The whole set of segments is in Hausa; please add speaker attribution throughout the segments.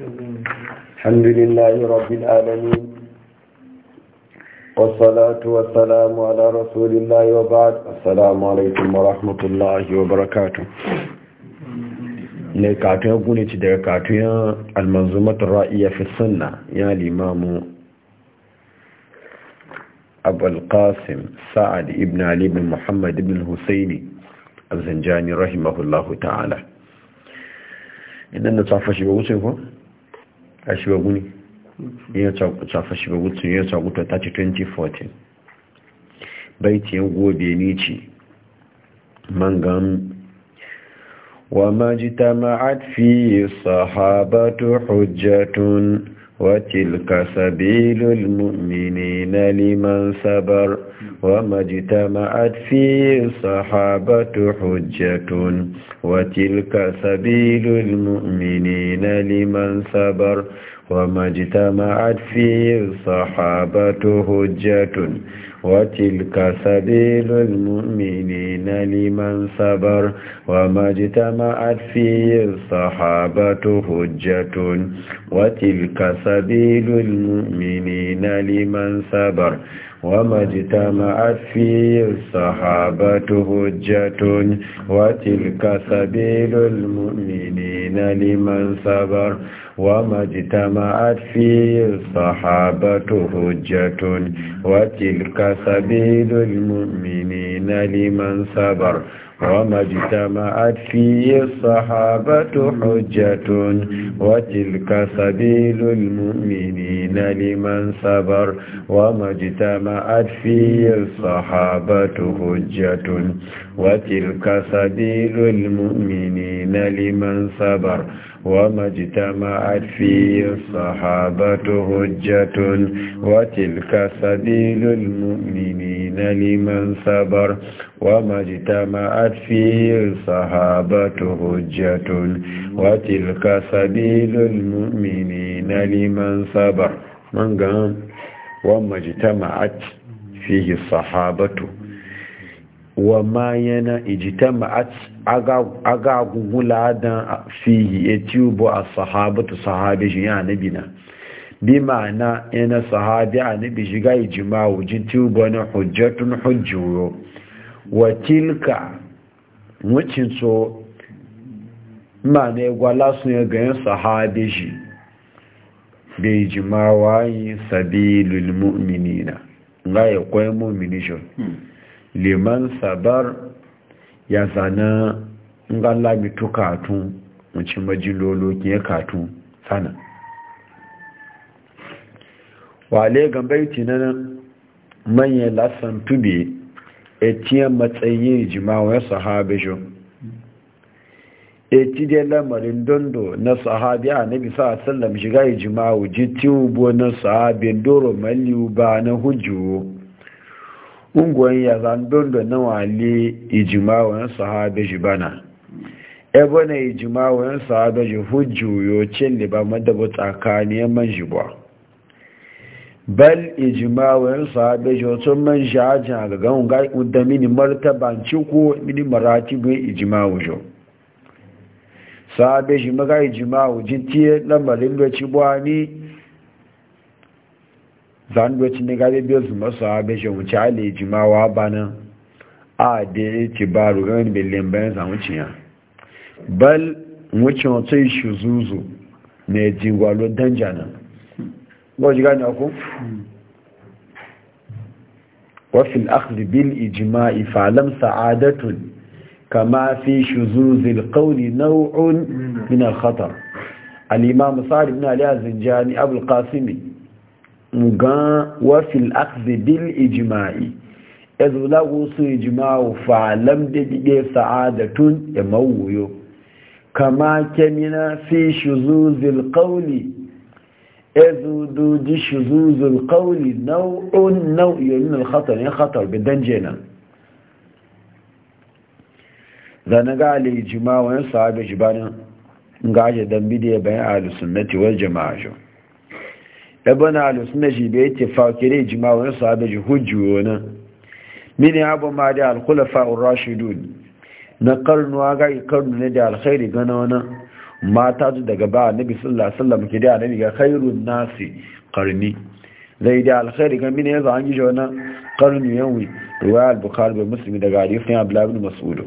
Speaker 1: الحمد لله رب العالمين والصلاة والسلام على رسول الله وبعد السلام عليكم ورحمة الله وبركاته ne katon gune ci daga katon almanzumatar ra'iya fi sunna ya limamu abulkasim sa'ad ibn ali ibn muhammad ibn husaini azanjani rahimahullahu ta'ala idan na tsafa shi ba wuce ko? a shibagu ne ya tsafa shibagu tun ya tsaku ta ce 2014 baitiyan gobe ne ce mangan wa majita ma'ad فيه sahabatu hujjatun وتلك سبيل المؤمنين لمن صبر وما اجتمعت فيه صحابة حجة وتلك سبيل المؤمنين لمن صبر وما اجتمعت فيه صحابة حجة وتلك سبيل المؤمنين لمن صبر وما اجتمعت فيه الصحابة حجة وتلك سبيل المؤمنين لمن صبر وما اجتمعت فيه الصحابة هجة وتلك سبيل المؤمنين لمن صبر وما اجتمعت فيه الصحابة حجة وتلك سبيل المؤمنين لمن صبر وما اجتمعت فيه الصحابة حجة وتلك سبيل المؤمنين لمن صبر وما اجتمعت فيه الصحابة حجة وتلك سبيل المؤمنين لمن صبر وما اجتمعت فيه الصحابة هجة وتلك سبيل المؤمنين لمن صبر وما اجتمعت فيه الصحابة هجة وتلك سبيل المؤمنين لمن صبر من قام وما اجتمعت فيه الصحابة وما ينا اجتمعت aga gugula dan fihi ya tubu a sahabatu sahabi shi ya nabi na bi ma'ana yana sahabi a nabi shi ga ijima wujin tubu na hujjatun hujjuro wa tilka wucin so ma'ana ya gwala sun ya ganyen sahabi shi bai ijima wayi sabilul mu'minina ga ya kwaye mu'mini shi hmm. liman sabar ya zana nga labi to katun ci majilolo ke katun sana wale gambaiti na manyan lasan tube etiye matsayin jimawar sahabishin eti dai lamarin dondo na sahabi a nabi sa sallam shiga jimawo jitiyo bo na sahabe doro maliyu ba na hujju unguwan ya zandon da nawa ne sahabe shi bana ebe na ijimawan sahabe shi hujjuyo cin liba madaba tsakaniyar man shi ba bal ijimawan sahabe shi wasu man shi ajin a gagan da mini martabanci ko mini maratibin ijimawan shi sahabe shi maga ijimawan jin tiye lamarin da ci ni zanduwacin da gare biyu su masu abishin wuce ale jimawa nan a da ya ce ba rugan bilin bayan samun ya bal wuce wata shi zuzu mai jingwalo danja nan gwaji gani ku wafin akhdibin ijima'i falam sa'adatun kama fi shuzuzil qawli nau'un min al-khatar al-imam sa'ad ibn ali az-zinjani abul qasimi gan wafil akhzi bil ijma'i yanzu za ku su ijma'u falam da ɗiɗe sa'adatun ya mawuyo kama kemina fi shuzuzil qawli yanzu duji shuzuzil qawli nau'un nau'in al-khatar ya khatar bidan jenan zane ga al-ijma'u yan sahabi jibanin ga ajadan bidiyar bayan ahlus sunnati wal jama'a ɗabana alusunan shi bai yake fakire jima'un sahabe ji hujjuwa nan mini abu ma da alkulafa rashidun na karnuwa ga karnu ne da alkhairi gana wani mata su daga ba nabi sallallahu alaihi wasallam ke da nabi ga khairun nasi karni zai da alkhairi ga mini yanzu an gijo na karnu yanwi ruwa al-bukhari bai musulmi daga hadisin abdullahi ibn mas'ud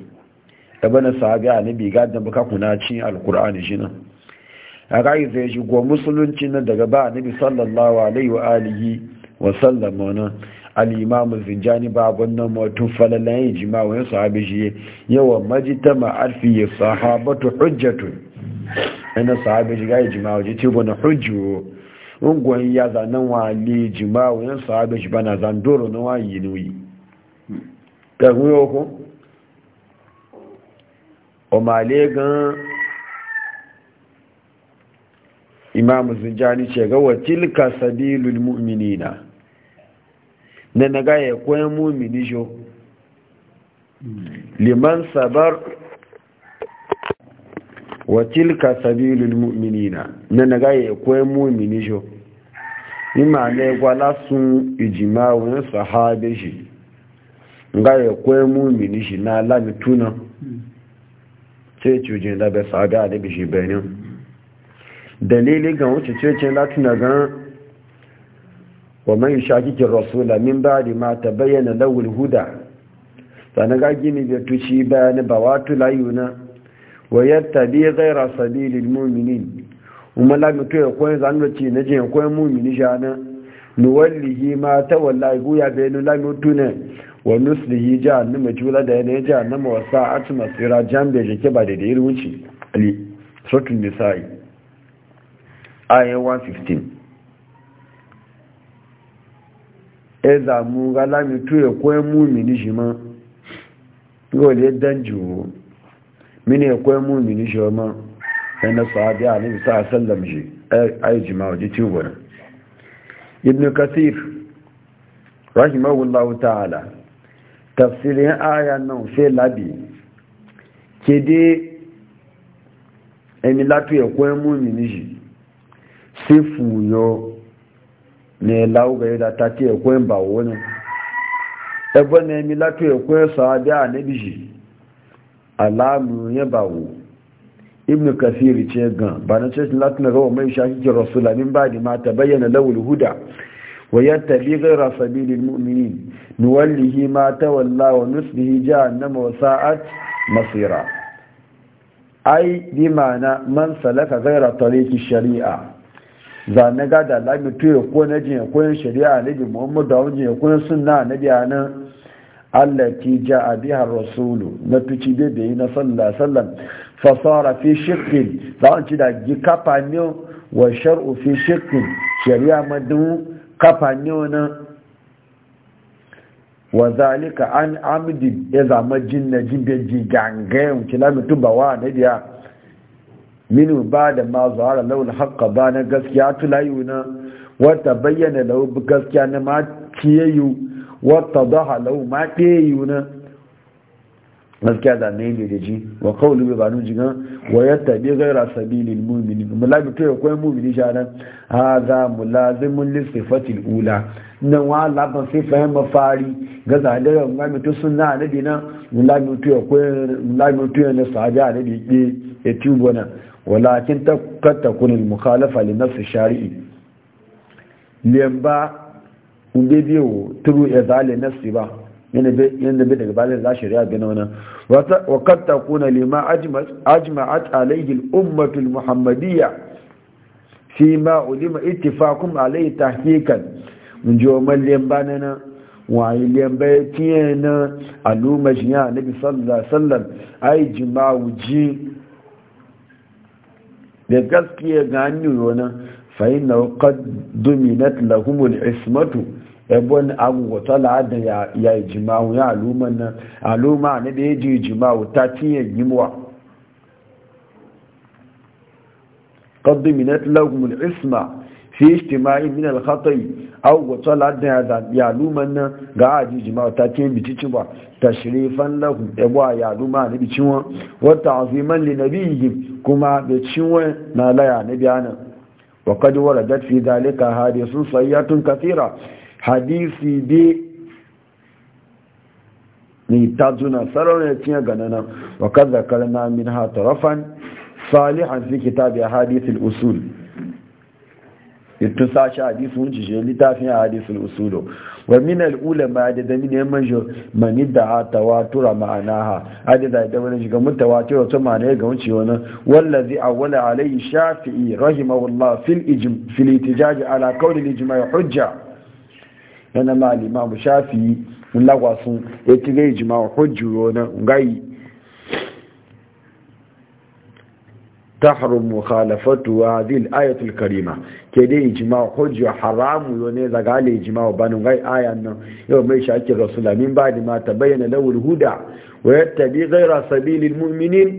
Speaker 1: ɗabana sahabe a nabi ga dan buka kuna cin alkur'ani shi nan a rayu zai shigo musulunci nan daga ba nabi sallallahu alaihi wa alihi wa sallam wannan al-imam zinjani babun nan mutum falalan ijma wa sahabi shi yawa majtama arfi sahabatu hujjatu ina sahabi shi gaya ijma wa ji tibo na hujju ungon ya zanen wa jima'a wani wa sahabi shi bana zandoro na wani yi nuyi ta guyo ku. o male gan imam zujani ce ga watilka sabilul mu'minina na naga ya koyan mu'mini jo liman sabar watilka sabilul mu'minina na naga ya koyan mu'mini jo ima ne gwala sun ijima wani sahabe shi ga ya koyan mu'mini shi na lamituna ce hmm. cujin da bai sahabe a da bishi benin dalili ga wuce cece tuna gan wa mai shakikin rasula min ba da ma ta bayyana lawul huda sannan gini da tushi bayani ba wato na wa yadda bi gaira sabilin muminin umar lamitu ya koyi zanwaci na jin koyi mumini shana lihi ma ta wallahi guya bayanu lamitu ne wa nuslihi jahannama jula da yanayi jahannama wa sa'atu masira jan bai jike ba da da irin wuce ali sotun nisa'i ayé 115 ẹzà mú alámi tó ẹ̀kọ́ ẹmú mi níṣì mọ́ yóò lè dánjù ó mí ní ẹ̀kọ́ ẹmú mi níṣì ọmọ ẹ̀nà sàábí àníbi sáà sẹ́lẹ̀m jì ayéjìmá òjì tí wọ̀n ibn kathir rahimahullahu ta'ala tafsirin aya náà fẹ́ lábì kede ẹni látó ẹ̀kọ́ ẹmú ni níṣì sífù yọ ne láwùgbà yóò dáta tí ẹ̀kọ́ ìbà owó ní ẹgbọ́n ní ẹmi látò ẹ̀kọ́ ẹ̀sọ́ adé Alamu ibn kafir ce gan ba na latu na rawa mai shakiki rasula min ba ma mata bayyana lawul huda wa yattabi ghayra sabilil mu'minin nuwallihi ma tawalla wa nuslihi jahannama wa sa'at masira ai bi mana man salaka ghayra tariqi shari'a za na gada lami tuyo ko na jin koyon shari'a a bi muhammadu da wajen koyon sunna na biya ki ja a biyar rasulu na tuci be be na sallallahu alaihi wasallam fa sara fi shiqqin za an ci da gi ne wa shar'u fi shiqqin shari'a madu ne na wa zalika an amdi ya zama jin na jin be ji gangayen kilamitu bawa na biya minu ba da ma zuwa laul haƙa ba na gaskiya tulayu na wata bayyana lau gaskiya na ma ciyayu wata daha lau ma ɗayayu na gaskiya da yi ne da ji wa kawulu bai nun jigan wa yadda bi gaira sabilin mu mulabi to ya koyi sha nan ha za mu lazimin lissifatil ula na wa laban sai fahim mafari ga zalirar mulabi to sun na anabi na mulabi to ya koyi na to ya na sahabi anabi ke ya tubo na walakin kad takun al mukhalafa li nafs shari'i lemba unde biyo turu ya zale nafsi ba yana be yana be daga balin za shari'a ga nan wa kad takuna lima ajmat ajma'at alayhi al ummatu al muhammadiyya fi ma ulima ittifaqum alayhi tahqiqan mun jo man lemba nan waye lemba yake nan aluma jiya nabi sallallahu alaihi wasallam ai jima'u ji da gaskiya ga hanyoyi nan fa'in na dominat lahumul ismatu ebon agwata la'adun ya jimawu ya aluman nan aluma ne da ya ji ta cinye yimuwa qad dominat lahumul isma في اجتماع من الخطي او وصل عندنا يا لومنا غادي جماعه تاتين بتيتشن با تشريفا له ابو يا لوما نبيتشن وتعظيما لنبيه كما بتشن ما لا يا يعني نبيانا وقد وردت في ذلك حديث صيات كثيرة حديث دي نيتاجنا سرون يتيا غنانا وقد ذكرنا منها طرفا صالحا في كتاب احاديث الاصول ita sashi hadisi mun cije littafin hadisul usulo wa min al ulama da da min manjo man da tawatura ma'anaha adada da wani shiga mutawatir wato ma'ana ga wuce wani wallazi awwala alayhi shafi'i rahimahullah fil ijm fil itijaj ala qawli al ijma' hujja yana ma al imam shafi'i mun lagwasun ya tige ijma' hujju wani ngai تحرم مخالفته هذه الآية الكريمة كده إجماع حج وحرام ويوني زغال إجماع بانو غي آية أنه يوم يشاك رسول من بعد ما تبين له الهدى ويتبي غير سبيل المؤمنين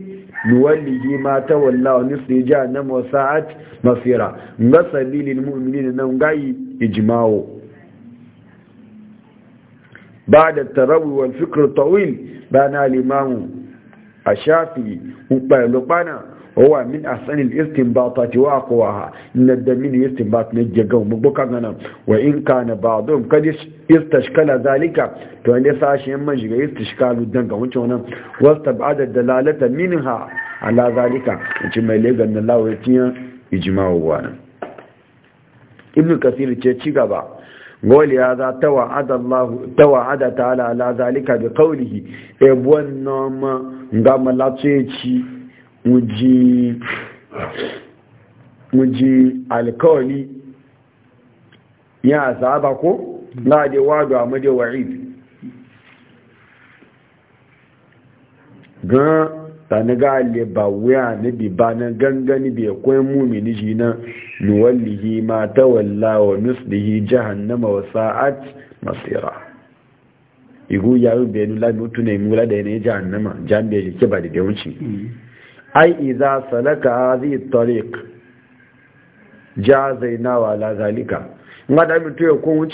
Speaker 1: نوله ما تولى ونصر جانم وساعة مصيرا ما سبيل المؤمنين أنه غي إجماع بعد التروي والفكر الطويل بان الإمام الشافعي وقال لقنا wa min ahsanil istinbatati wa aqwaha inna damin istinbat ne jaga mu buka gana wa in kana ba'dhum kad istashkala zalika to ne sashen man shiga istishkalu dan ga wancan wannan da dalalata minha ala zalika ci mai legan na lawo tiya ijma'u wa ibn kasir ce ci gaba gole ya za tawa'ada ta'ala ala zalika bi qawlihi e wannan ga malatsoyi muji alkawali ya azaba ko na da wado a muje wa'id gan taniga ga ba wuya na ba na gangani bai kwai mumini ji na nuwallihi ma ta wallawa wa nuslihi jahannama wa sa'at masira igu yayin bayanu la mutu ne mula da yanayi jahannama jami'ai ke ba da wuce ai iza salaka hadhihi tariq jazaina wa la zalika ngada mutu ya kun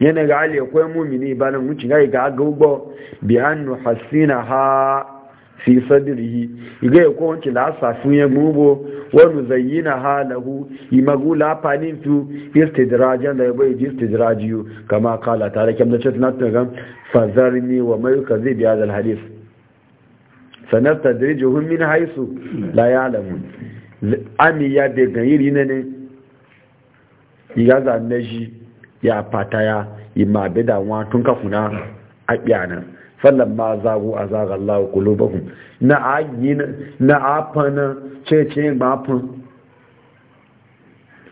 Speaker 1: yana ga ali akwai mumini ba nan wuce ga ga gugbo bi annu hasina ha fi sadrihi ga ya kun wuce la safu ya gubo wa zayina ha lahu imagula panin tu istidrajan da bai istidrajiyu kama kala tare kamar cewa na tun ga fazarni wa mai kazi bi hadal hadith sanarta da rije hun min haisu la ya alamu ami ya da ganyiri ne ne ya ji ya fata ya yi ma wa tun kafuna a ɓyana fallan ma zagu a zagar lawa na a yi na ce ce mafin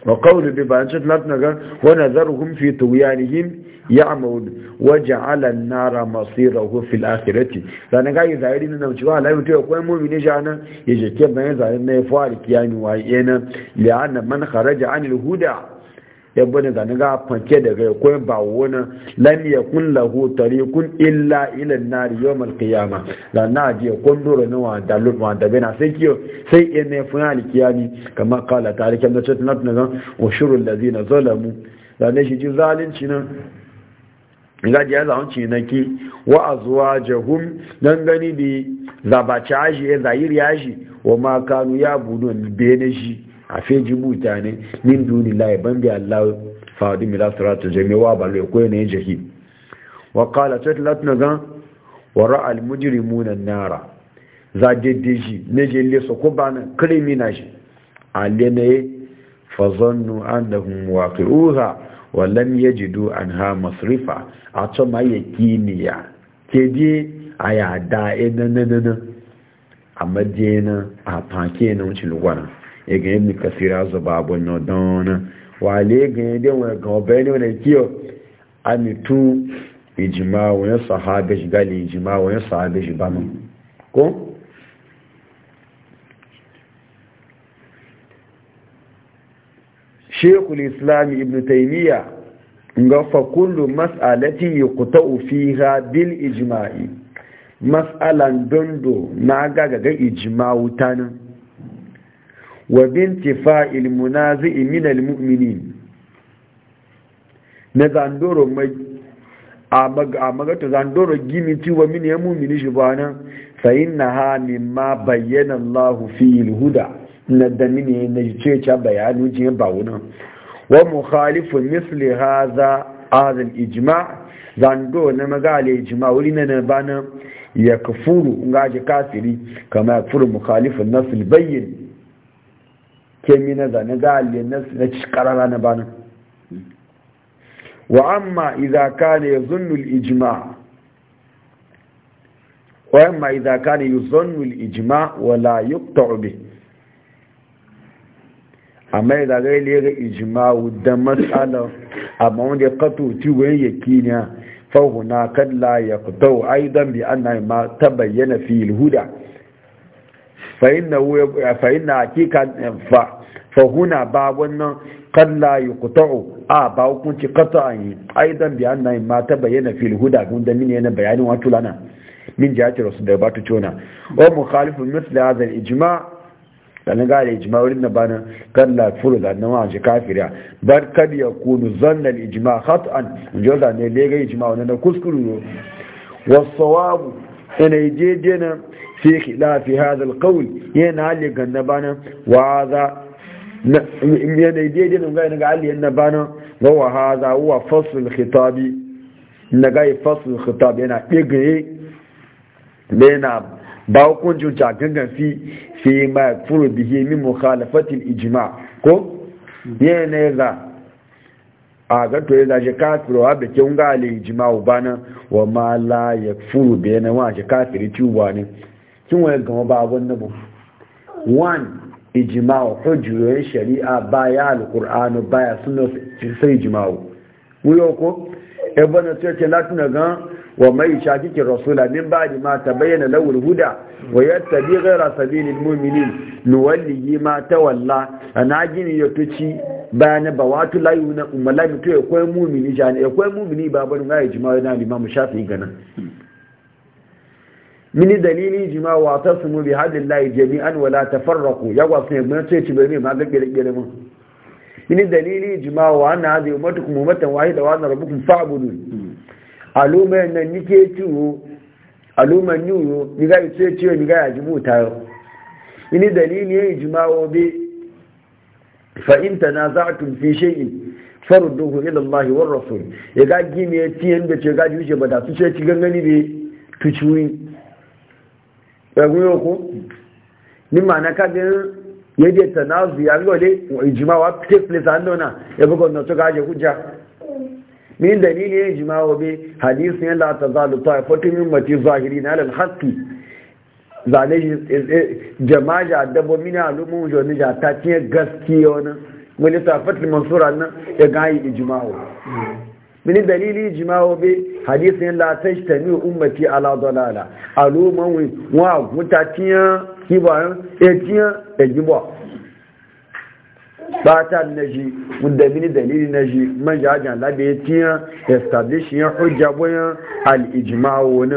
Speaker 1: وقول ببانشت لاتنغا ونذرهم في طغيانهم يعمون وجعل النار مصيره في الآخرة لأنه قال يزايري من نمشيوها لا يمتوى قوين مؤمن جانا يجي كيف ما يزايرنا يفوارك يعني وعينا لأن من خرج عن الهدى yabbani zane ga fanke daga ko ba wona lam yakun lahu tariqun illa ila an-nar yawm al-qiyama da na ji ko ne wa dalu wa da bena sai kiyo sai ene funali kiyani kama qala tarika da ce tunat na wa shuru allazina zalamu la ne shi zalunci nan ga ji azan ci na ki wa azwajahum dan gani bi zabacaji ya zahiri yaji wa ma kanu ya bene shi a feji mutane min duni layi ban bi Allah fa'adu mi lasratu jami'a ba lo ko ne jahi wa qala tatlat naga wa ra al mujrimuna nara za dedeji ne je le so ko bana kriminaji A alene fa zannu annahum waqi'uha wa lam yajidu anha masrifa a to maye kiniya kedi aya da enanana amma je na a fanke na wucin gwanan ega ibn kasir azu babu wani ga obere wani kiyo amitu ijima wani sahabe shi gali ijima wani sahabe shi bama ko shekul islam ibn taimiyya ga fakullu mas'alati fi ha bil ijma'i mas'alan dondo na gaga ga ijma wa bintifa ilmunazi minal mu'minin na zandoro mai a magata zandoro gimi wa mini ya mu'mini shi ba nan fa'in na ha mimma bayyana Allahu fi ilhuda na da na ce ca bayanu jin ba wunan wa muhalifin misli hadha hadha al-ijma zando na magale ijma wuri na bana ya kafuru ngaje kafiri kama kafuru muhalifin nasl bayyin kemi na zane a liyan na karara na bana wa amma izaka ne ya zunul ijima, wa ma izaka ne ya al ijima wa la yuqta'u amma idza ga ile ijma'u da mas'ala amma wanda qatu ti waye yakina fahuna kan la yaqta'u aidan bi na ma tabayyana fi ilhuda huda fa'in na hakika fa fahuna ba wannan kalla yi kuta'u a ba hukunci kata an yi aidan biyan na ma ta bayyana fil huda gunda mini yana bayanin wato lana min jihati rasu da batu tona wa mukhalifun misli da al ijma dan ga al ijima wurin na bana kalla furu da nan wa kafira bar kad yakunu zanna al ijma khata'an joda ne le ijima ijma wannan kuskuru wa sawabu ina je dena fi khilafi hadha alqawl yana ali ganna bana wa hadha yana je dena ga yana ali yana bana wa hadha huwa fasl alkhitab ina ga fasl alkhitab yana digre yana ba hukuncin ta gangan fi fi ma furu bihi min mukhalafati alijma ko yana ga a to ya zaje kafiru a bikin gali jima'u bana wa ma la ya furu biya na waje kafiri tuba ne kin wani gama ba abun nabu one ijima'u hujjoyin e shari'a ba baya alkur'anu baya suna sai wa wuyo ko ebe na tsoke latina gan wa mai kike rasula min ba ma ta bayyana lawul huda wa yattabi ghayra sabilil muminin nuwalliyi ma tawalla? walla a na gini ya bayan ba wato layu na Umalami to ya koyi mumini jani ya koyi mumini ba barin yi ijma na limamu shafi gana. mini dalili ijma wa tasmu bi hadillahi jami'an wala ta farraku ya wasu ne mun ce ci bai ma ga gele mun mini dalili ijma wa anna hadhihi ummatukum kuma wahida wa anna rabbukum fa'budun aluma nan nike ciwo aluma ni ga ce ciwo ni ga yajibu tayo mini dalili ijma wa bi fa'in ta na za a tumfi shayin farin duhu ilin mahi wa rasul ya ga gini ya ci yadda ce gaji wuce ba da su ce ci gangani bai tuciwi ɗaguyo ku ni ma na kagin yadda ta na zuya lole ijimawa take place a nuna ya buga wannan su gaje hujja min dalilin ijimawa bai hadisin yalla ta zalu ta fatin min mati zahiri na alal haqqi zane eh, eh, jama'a ja dabo mini alumun joni ja ta tiye gaskiya wani wani fatil mansura nan ya gayi ijma'u mini dalili ijma'u bi hadisin la tajtami ummati ala dalala alumun wa mutatiya kibayan etiya ejibo ta na shi wanda mini dalili na shi majajan labe tiya establishing hujja boyan al-ijma'u wani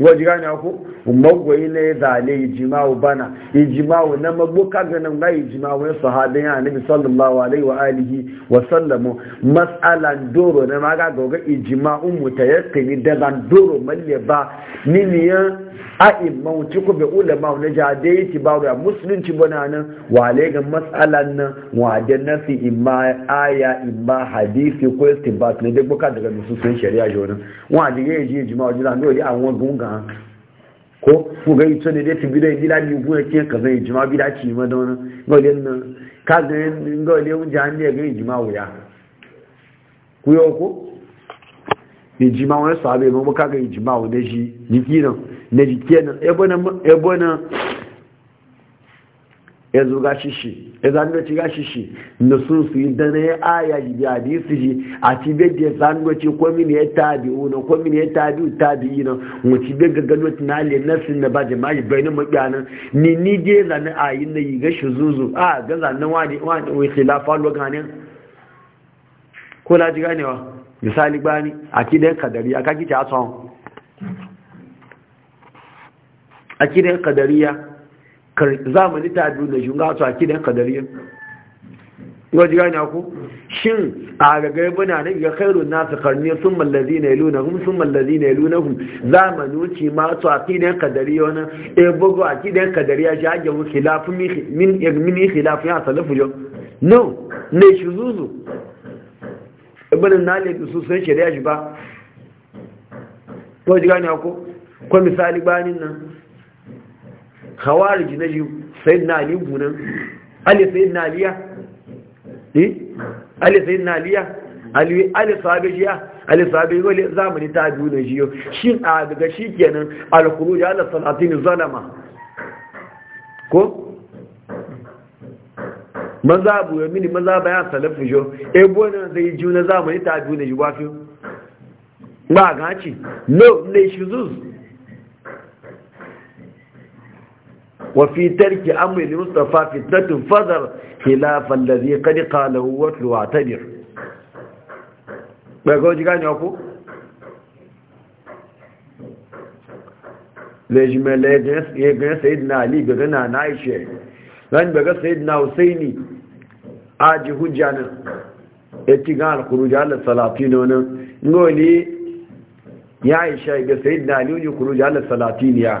Speaker 1: waje gane ku magwai ne zale ijimawu bana ijma'u na magboka ganin na ijma'u ya sahabin ya nabi sallallahu alaihi wa alihi wa sallamu mas'alan doro na maga ga ijma'un mutayaqqini da zan doro malle ba niniyan ha'in mawuci ku bi ulama na jade yi ti bawa musulunci bana nan wa ga matsalan nan wa da nafi imma aya imma hadisi ko istibat ne duk buka daga nususun shari'a jona wade ga yaji jima wa zan dole an wa gunga ko ku ga ito ne da ti bidai bila ni ku ya kiyan kaza jima bila ci ma da wani gole nan ka ga gole mun jahan ne ga jima wuya ku yo ko ijima wani sabe mun ka ga ijima wani shi ni na jike nan ebonan ya zo gashishi ya zangoci shishi na sun su yi dana ya aya ji da su ji a cibiyar da ya zangoci ne ya tabi una ne ya tabi tabi yi na wuci bai ga gaggano tunali na sun na ba jama'i bai na mabiyanan ni ni je zane a yi na yi ga shi zuzu a ga zane wani wani wani wai khilafa lokacin ko la ji ganewa misali gbani a ki dai kadari a kaki ta son akidan kadariya zamani ta biyu da shunga a akidan kadariya yau jiya na ku shin a gagar bana na iya kairu nasu karni sun mallazi na ilu na hun sun mallazi na ilu na hun zamani wuce ma su akidan kadariya wani e bugu akidan kadariya shi hajji mu khilafin mini khilafin ya salafu yau no ne shi zuzu ibinin na ne su sun shirya shi ba yau jiya ku ko misali banin nan khawarij na ji na ali gunan ali na aliya eh ali sayyidina aliya ali ali yi ali sahabi wale zamani ta biyu na jiyo shin a daga shikenan al-khuruj ala salatin zalama ko maza bu ya mini maza bayan salafu jo e na zai juna zamani ta biyu na jiwafi ba gaci no ne shi zuzu وفي ترك أمر المصطفى فتنة فذر خلاف الذي قد قاله واتل واعتبر بقول جيغاني أكو lejimin ya gani sayidina ali ga gana na aishe zan baga sayidina husaini aji hujja nan ya ti gan alkuruja allah salati na wani ngoli ya aisha ga sayidina ali wani kuruja allah ya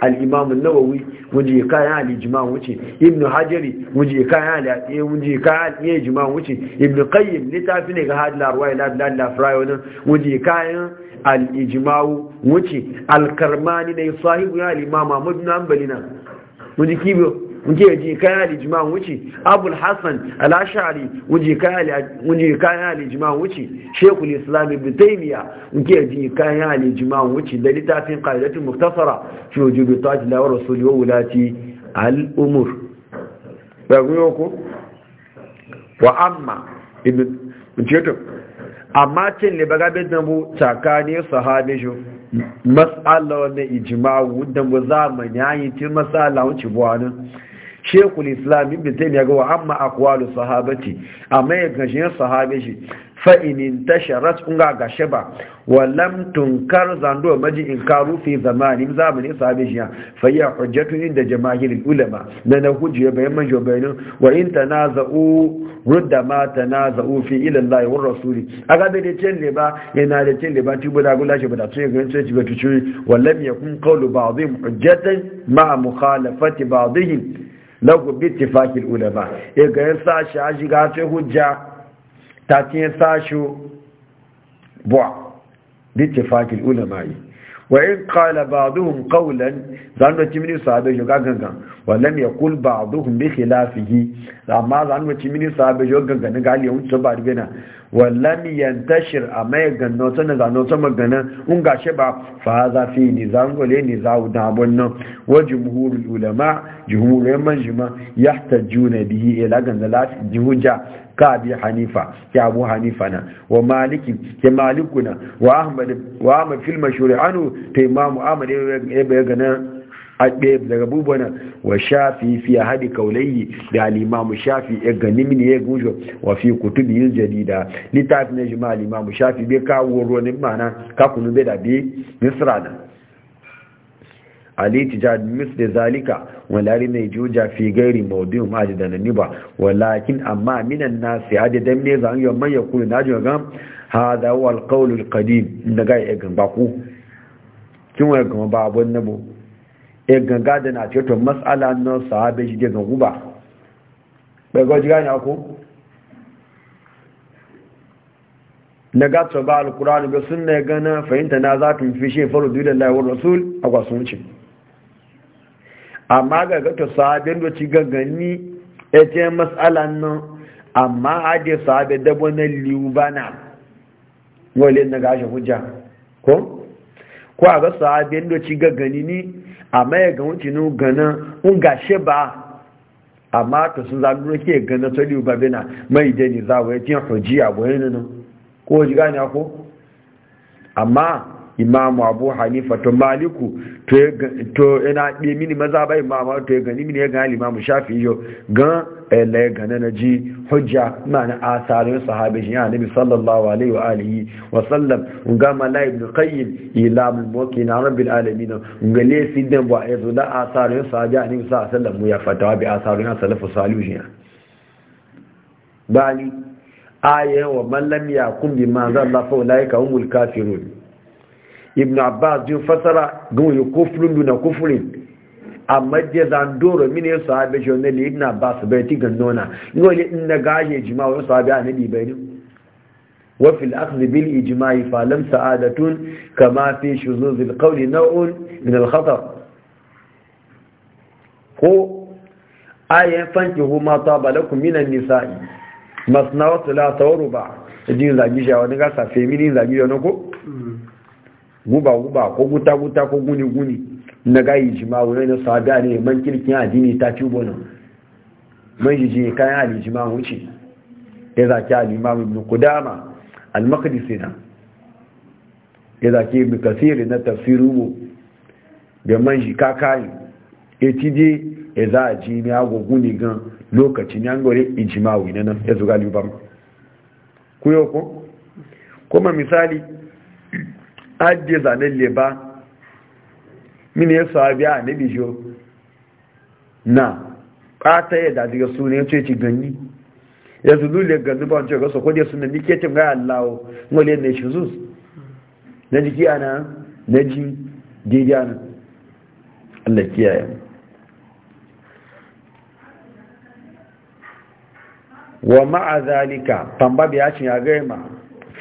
Speaker 1: al-imam an ya wuje kayan al-ijma wuce Ibn hajari wuje kayan al-aqiya wuje kayan al-ijma wuce ibnu qayyim litafi ne ga hadla ruwaya la da la frayon wuje kayan al-ijma wuce al-karmani ne sahibu al-imam ahmad bin hanbali na wuje kibo wuje ji kaya lijima wuce abul hassan alashari wuje kaya lijima wuce shekul islami ibn taimiya wuje ji kaya lijima wuce da littafin ƙa'idatun muktasara fi wujudu ta jilawa rasuli wa wulati al'umur wa amma amma cin ne baga bin dambu tsakanin sahabi shi matsala wannan ijimawu dambu zamani yayin tun matsala wuce buwanin shekul islam ibn taymiya ga wa amma aqwalu sahabati amma ya gashin sahabe shi fa in intasharat ga gashe ba wa lam tunkar zando maji inkaru fi zamani zamani sahabe shi fa ya hujjatu inda jama'ir ulama na na hujja bayan manjo bayanin wa in tanaza'u rudda ma tanaza'u fi ila Allah wa rasuli aga da de telle ba yana da telle ba tubu da shi ba da tsaye sai tsaye ba tuci wa lam yakun qawlu ba'dhim hujjatan ma mukhalafati ba'dhim lagu bi tifakil ulama e ga yan sashi a shiga ta hujja ta sa sashi buwa bi tifakil ulama yi وإن قال بعضهم قولا زانو تيمني صحابي جو غانغان ولم يقول بعضهم بخلافه لما زانو تيمني صحابي جو غانغان قال يوم صبار بينا ولم ينتشر اما يغنو سنه زانو سما غنا ان غاشه با فهذا في نزاع ولي نزاع دابن وجمهور العلماء جمهور من جما يحتجون به الى غنلاف جهوجا ka abi hanifa ki abu hanifa na wa maliki ya malikuna wa ahmad wa ahmad fil mashhur anu ta imamu ahmad ya bayyana daga bubana wa shafi fi haɗi kaulayi da alimamu shafi ya gani mini ya gujo wa fi kutubi yin jadida littafi na jima alimamu shafi bai kawo ruwanin mana kakunu bai da bai misra na aliti jihar misli zalika walari ne juja fi gairi maudin maji da nani ba walakin amma minan nasi hadi dan ne zan yi man ya na naji ga hada wal qawl al qadim da ga e gan baku kin wa gan ba abun nabo e gan ga da na ce to mas'ala no sahabe ji ga guba bai goji gani ko na gatsa ba alkurani ga sunna ga na fahimta na za shi faru shefaru lillahi wa rasul a kwasan wuce amma ga gata sahabin da ci gangani ya e ce matsalan nan amma hajji sahabi dabo na liubana wale na gashi hujja ko ko a ga sahabin da ci gangani ni amma ya ga wucinu gana un gashe ba amma to sun zalu ke gana to liubabina mai dani zawo ya ce hujji a boye nan ko ji gane ko amma imamu abu hanifa to maliku to yana ɗe mini maza bai imamu to ya gani mini ya gani imamu shafi yau gan ele eh, gane na ji hujja mana asarin sahabi shi ya nabi sallallahu alaihi wa alihi wa sallam nga mala ibn qayyim ila min moki na rabbil alamin nga le sidan ba yanzu da asarin sahabi ya nabi sallallahu alaihi wa ya fatawa bi asarin salafu salihu shi bali ayawa man lam yakun bi ma zalla fa ulaika humul kafirun ibn abbas jin fasara gun yi kufrin luna kufrin amma je zandoro mini ya sahabe shi wanda ne ibn abbas bai ti gannona yawon inda gaje jima wani sahabe a nabi bai ne wafi al'akzi bil ijimai falam sa'adatun kama fi shuzuzil qawli nau'un min al-khatar ko ayan fanki huma ta balakun minan nisa'i masna wasu la tawaru ba jin zagi shi a wani gasa femini zagi wani ko guba guba ko guta guta ko guni guni na ga jima wani na sabi ne man kirkin adini ta ci bonan man jiji kayan alijima wuce ya zaki al-imam ibn dama al-maqdisi na ya zaki ibn kasiri na tafsiru mu da man ya ti je ya za a ji ne agogo guni gan lokacin ya gore ijima wani nan ya zuga liban ku yau ko kuma misali adde zanen leba mini ya sahabi a nabi jo na kata ya da daga suna ya ce ci gani ya zulu le gani ba wancan gasa kodiyar suna nike cin gaya allawo nwale na shi zus na jiki ana na ji daidai ana allah kiyaye wa ma'a zalika tambabi ya cin ya gaima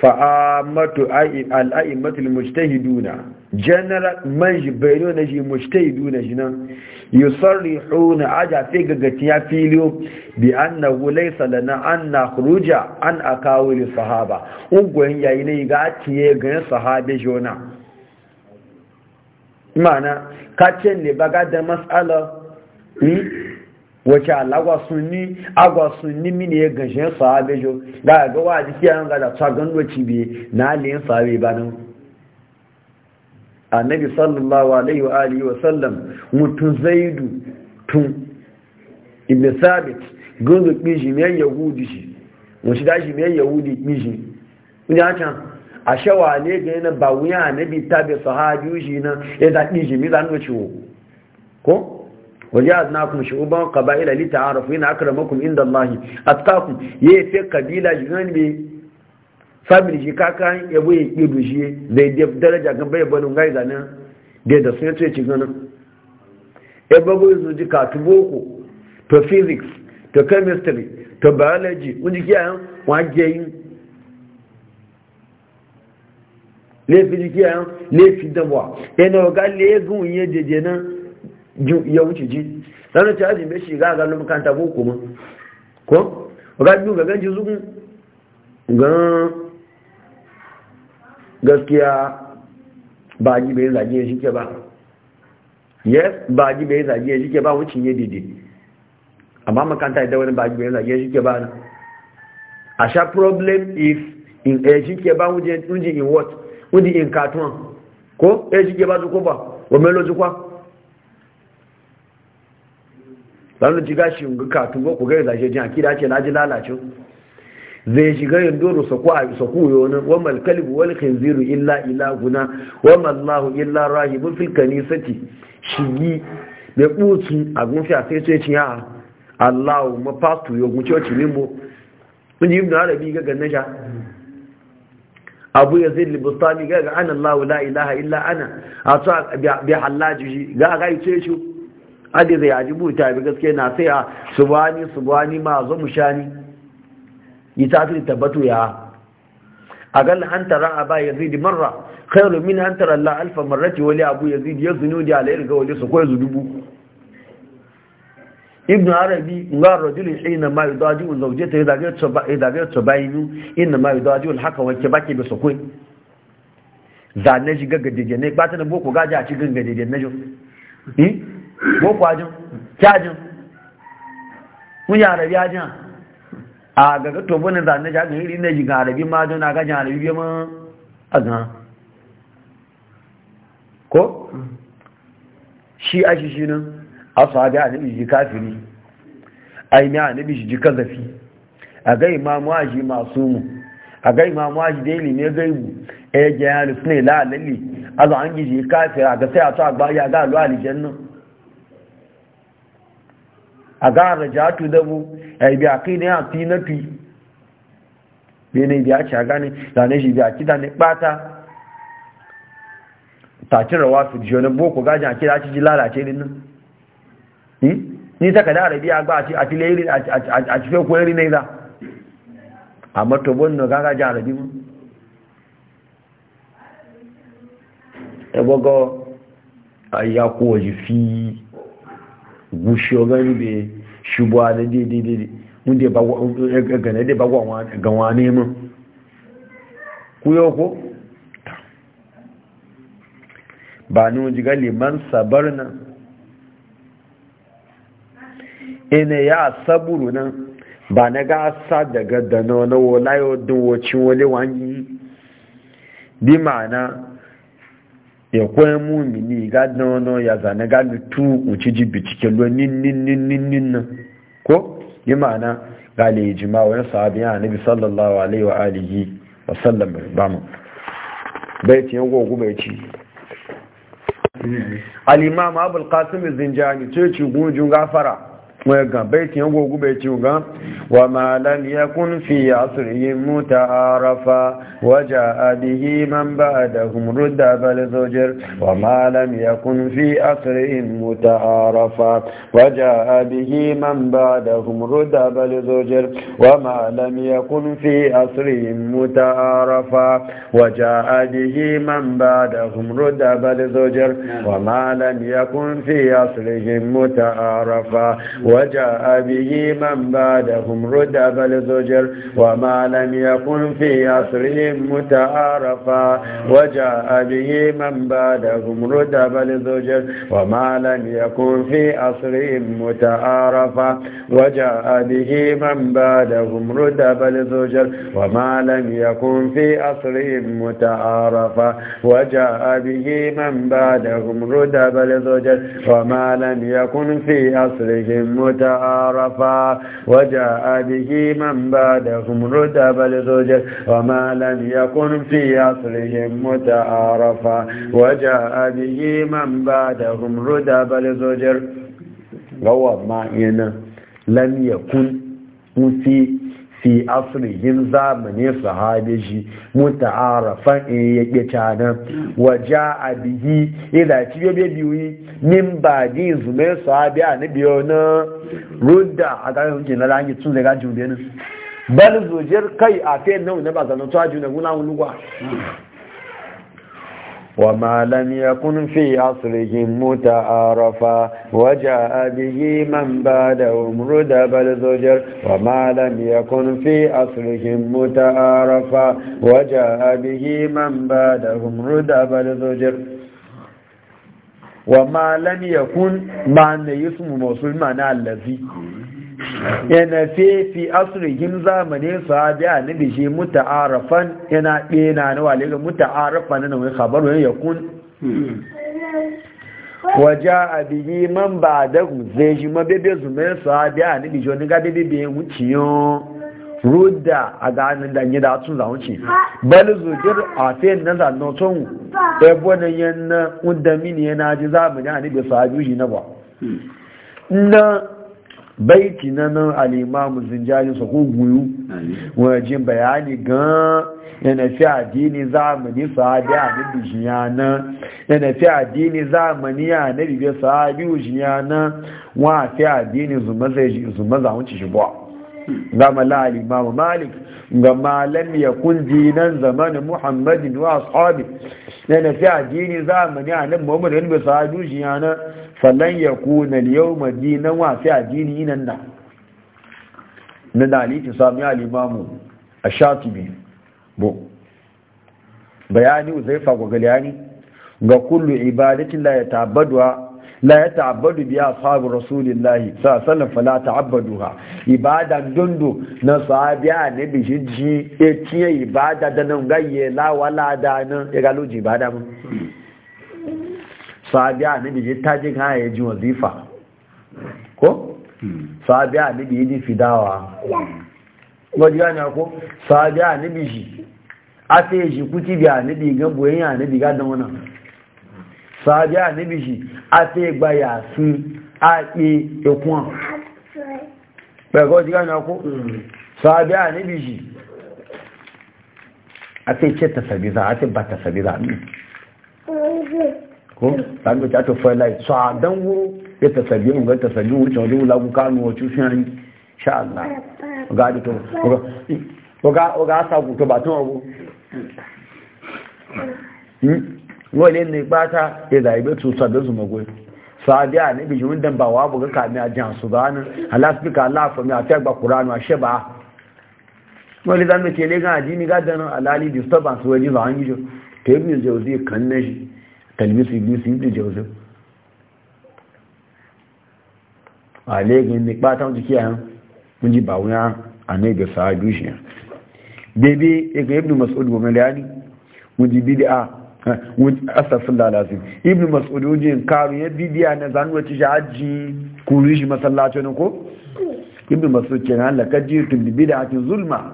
Speaker 1: fa'amatu al'a'immatul mujtahiduna general man shi bayano na shi mujtahiduna shi nan yi na aja fi gaggaci ya filo bi an na wulai salana an na an a kawo sahaba ungoyin yayi na yi ga tiye ganin sahabe jona mana kacin ne baga da matsala wace alagwa sunni agwa sunni mini ya ganshe sahabe jo da ga wa jiki an ga da tsagan doci biye na aliyin sahabe ba nan annabi sallallahu alaihi wa alihi wa sallam mutun zaidu tun ibn sabit gungu kiji mai yahudi shi mun shi dashi mai yahudi kiji kun ya can a shawa ne ga yana ba wuya annabi tabi sahabi shi nan ya da kiji mi zan ciwo ko وجعلناكم شعوبا قبائل لتعارفوا ان اكرمكم عند الله اتقاكم يفي قبيله جنبي family ji kaka yabo ya ƙi dushi daidai daraja kan bai banin ngai zanen da da sun ce ci ganin e babu su ji ka katu boko to physics to chemistry to biology mun ji kiyayen wajen lefi ji kiyayen lefi dabuwa yana ga gun yin jeje nan ya wuce ji ranar ta yaji mai shiga a ganin makanta ko kuma ko ga biyu ga ganji zugun gan gaskiya ba ji bai zage shi ke ba yes ba ji bai zage shi ke ba wucin ya dide amma makanta da wani ba ji bai zage shi ke ba na a sha problem if in a eh, shi ke ba wuje in what wuje in cartoon ko a eh, shi ke ba su ko ba wa melo su zanen ji gashi ga katun ga kuga zashe jin akida ce laji lalacin zai shiga yin doro saku yoni wammal kalibu wani khinziru illa guna. Wa lahu illa mafil kani sati shigi da kutu a gunfi a sai sai ya allahu mafastu ya gunci wacce mimbo kun ji ibn arabi ga ganasha. abu ya zai libustani ga ga ana allahu la ilaha illa ana a tsawa bi hallaji ga ga yi ce shi adi zai yaji buta bi gaske na sai a subani subani ma zo mu shani yi tafi tabbatu ya agal an tara aba yazid marra khairu min an tara la alfa marrati wali abu yazid zunu da alayhi ga wali su koyi dubu ibn arabi nga rajulun hina ma yudaji wa zawjata idaga tsaba idaga tsabayinu inna ma yudaji al haka wa kibaki bi sukun zane shi gaggajeje ne ba ta na boko gaja a cikin gajeje na jo eh boko ajin kyajin mun yi arabi ajin a ga tobo na zane jagin iri na jigin ma don na gajin biya ma azan ko shi ashi shi nan a sahabi a nabi e, shi kafiri a yi a nabi shi ji kazafi masu mu shi da a a ga rajatu dabu ya yi kai ne a fi na fi bene biya ci a gane zane shi biya kida ne bata tacin rawa su jiyo na a ji lalace ni ta kada arabiya ba a e e fi lairi a cikin na ne a matobon na gagajin arabi ebogo a yi fi gushiyo gani be shubuwa na daidai wanda eh, eh, gane nde bagwa gawa neman ku yau ba ni wajen gali man sabar nan ina ya saburu nan ba na gasa daga dano na walayo don wacin wale wani bi ma'ana ya koya mini ga dano ya zane ga tu uci jibi cikin lo nin ko yi ma'ana ga le jima wani sahabi ya nabi sallallahu alaihi wa alihi wa sallam ba mu bai tiyan gogo bai ci al-imam abul qasim az-zinjani ce ci gujun gafara wọ́n gan bẹ́ẹ̀ tí ó gúgú bẹ́ẹ̀ tí ó gan wà máa lálẹ́kún fi àṣìríyí mú ta ara fa wọ́jà àdìyí ma ń bá àdàkùn rúdà balẹ̀ sójẹ́ wà máa lálẹ́kún fi àṣìríyí mú ta ara fa wọ́jà àdìyí ma ń bá àdàkùn rúdà balẹ̀ sójẹ́ wà máa lálẹ́kún fi àṣìríyí mú ta ara fa wọ́jà àdìyí ma ń bá àdàkùn rúdà balẹ̀ sójẹ́ wà máa lálẹ́kún fi àṣìríyí mú ta ara وجاء به من بعدهم ردب الزجر وما لم يكن في عصرهم متعارفا وجاء به من بعدهم ردب الزجر وما لم يكن في عصرهم متعارفا وجاء به من بعدهم ردب الزجر وما لم يكن في عصرهم متعارفا وجاء به من بعدهم ردب الزجر وما لم يكن في عصرهم متعارفا وجاء به من بعدهم رتب الزجر وما لم يكن في أصلهم متعارفا وجاء به من بعدهم رتب الزجر روى ما لم يكن في fi asirgin zamani sahabe shi muta'arafan in ya ke cana waja a bihi ila ci bebe biyu min ba di zume sahabe a biyo na rudda a tsarin hukun na rangi tun zai daga jubenin bal zujir kai a fe nau na ba zanen tuwa junan guna wani gwa وما لم يكن في عصرهم متعارفا وجاء به من بعدهم ردب الزجر وما لم يكن في عصرهم متعارفا وجاء به من بعدهم ردب الزجر وما لم يكن معنى اسم موصول معنى الذي yana fefi asirihim zamanin sahabi a nabi shi muta'arafan yana ɗena na wale ga muta'arafan na wani wani ya kun waje a biyi man ba da zai shi mabebe zumanin sahabi a nabi shi wani ga bebe wuciyon rudda a ganin da yi da sun zaunci bali zojir a fiye na zanoton ebe na yana udamini yana ji zamanin a nabi sahabi shi na ba baiti na nan alimamu zinjani su ko wajen bayani gan yana fi addini zamani sahabi a nabi jiyana yana fi adini zamani a na bai sahabi jiyana wa fi addini zuma zamunci shi buwa hmm. gama la alimamu malik ga malam ya kun dinan zamanin muhammadin wa ashabi na fi addini zamani a nan muhammadu wani bai sa'adu shi yana fallon ya kuna liyau nan madinan wafi addini nan da na daliti sami alimamu a shatubi bu bayani uzaifa gwagaliyani ga kullu ibadatin la ya tabaduwa la ya ta'abbadu biya ashabu rasulillahi sa sallan fala ta'abbaduha ibada dundu na sahabiya ne bi shi e tiye ibada da nan gayye la wala da nan e ga loji ibada mu sahabiya ne bi ji tajin ha ya ji wazifa ko sahabiya ne bi ji fidawa wajiya ne ko sahabiya ne bi shi ate shi kuti biya ne bi ga boyen ya ne bi ga dan wannan sahabi annabi shi a te gbaya sun a pe pẹ̀kọ́ ti gánà kó sahabi annabi shi a te ce tasabiza a te ba tasabiza ne ko sami ta ta fai lai a tasabi tasabi sha da sa ba wale ne bata ya zaibe tusa da su magwai sadiya ne bi jimin dan bawa buga kami a jan su ba nan alasbika alafa mai afiyar ba kuranu a sheba wani zan mace ne gan ajini gadanin alali disturbance wani za a gijo ta ibn jauzi kan na shi talmisu iblis ibn jauzi a legin ne bata wajen kiyayen mun ji ba wuya a ne ga sahabi shi bebe ya ga ibn mas'ud gomel yani mun ji bid'a asafin lalazin ibn mas'udujin karu ya bibiya na zanuwa ci shahaji kuri shi masallacin ko ibn mas'ud ke da kaji tun bida da cikin zulma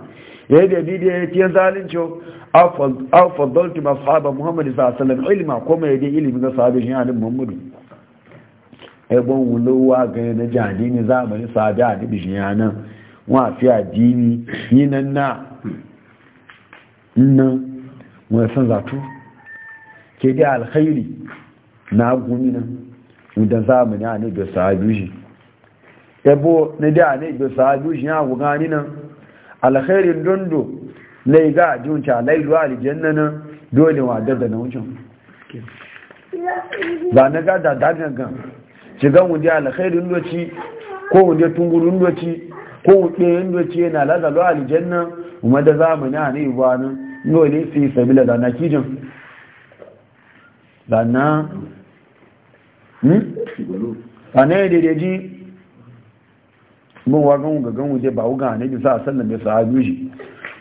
Speaker 1: ya yi da bibiya ya tiyan zalunci a fadolti masu haɓa muhammadu sa'asalam ilima ko ya yadda ilimin na sahabin shi hannun muhammadu ebon wulowa ga na jihadi ne zamani sahabi a dubi shi yanan dini yi nan na nan wani san zatu ke da alkhairi na gumina da zamani a nabi sahabi shi ebo na da nabi sahabi shi ya gugani nan alkhairin dondo lai ga junta lai ruwa aljanna nan dole wa dada na wucin ba na ga da dagangan shigan wuje alkhairi loci ko wuje tungurun loci ko wuje loci yana lazalo aljanna kuma da zamani a nabi ba nan dole sai sabila da nakijin bana hmm? bana ya daidai ji buwa ga ganwu je ba wuga ne bisa a sannan bai a shi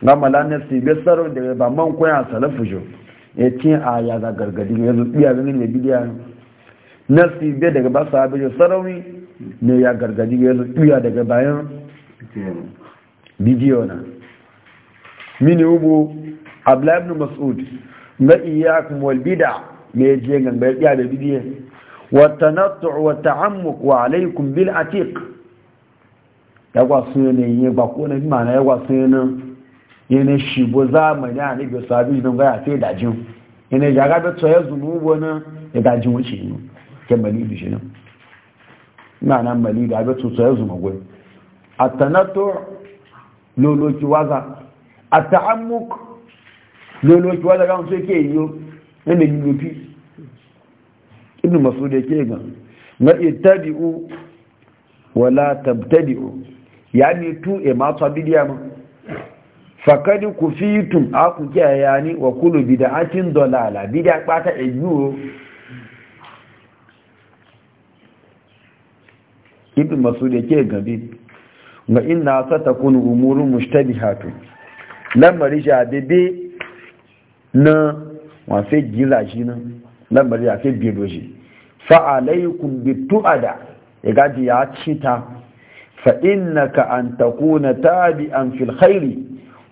Speaker 1: ga malanar su bai tsaro da ba man koya salafu shi ya ce a ya za gargadi ya zuɓi a ganin da bidiya na su bai daga ba sahabi shi sarauni ne ya gargadi ya zuɓi a daga bayan bidiyo na mini ubu abla ibn mas'ud ga iya wal bid'a me je ganga ya da bidiye wa tanattu wa ta'ammuq wa alaykum bil atiq ya kwa sunne ne ba ko ne mana ya kwa sunne ne ne shi bo zamani a ne bi sabi don ga ate da jin ne ja ga to ya zunu bo na ya da jin wuce ne ke mali bi shi ne na nan mali da ga to ya ma goyi at-tanattu loloki waza at-ta'ammuq loloki waza ga mun ke yi yo ne ne yi ibn masud yake ga na ittabi'u wala tabtadi'u yani tu e ma fa bidiya ma fakad kufitum ku ke yani wa kullu bid'atin dalala bid'a pata e yuo ibn masud yake ga bi ga inna satakunu umurun mushtabihatun lamari jadebe na wa fe gilaji na lamari a fe biologie fa'alaikun bitu'ada ya gaji ya cita fa ka an takuna tabi'an fil khairi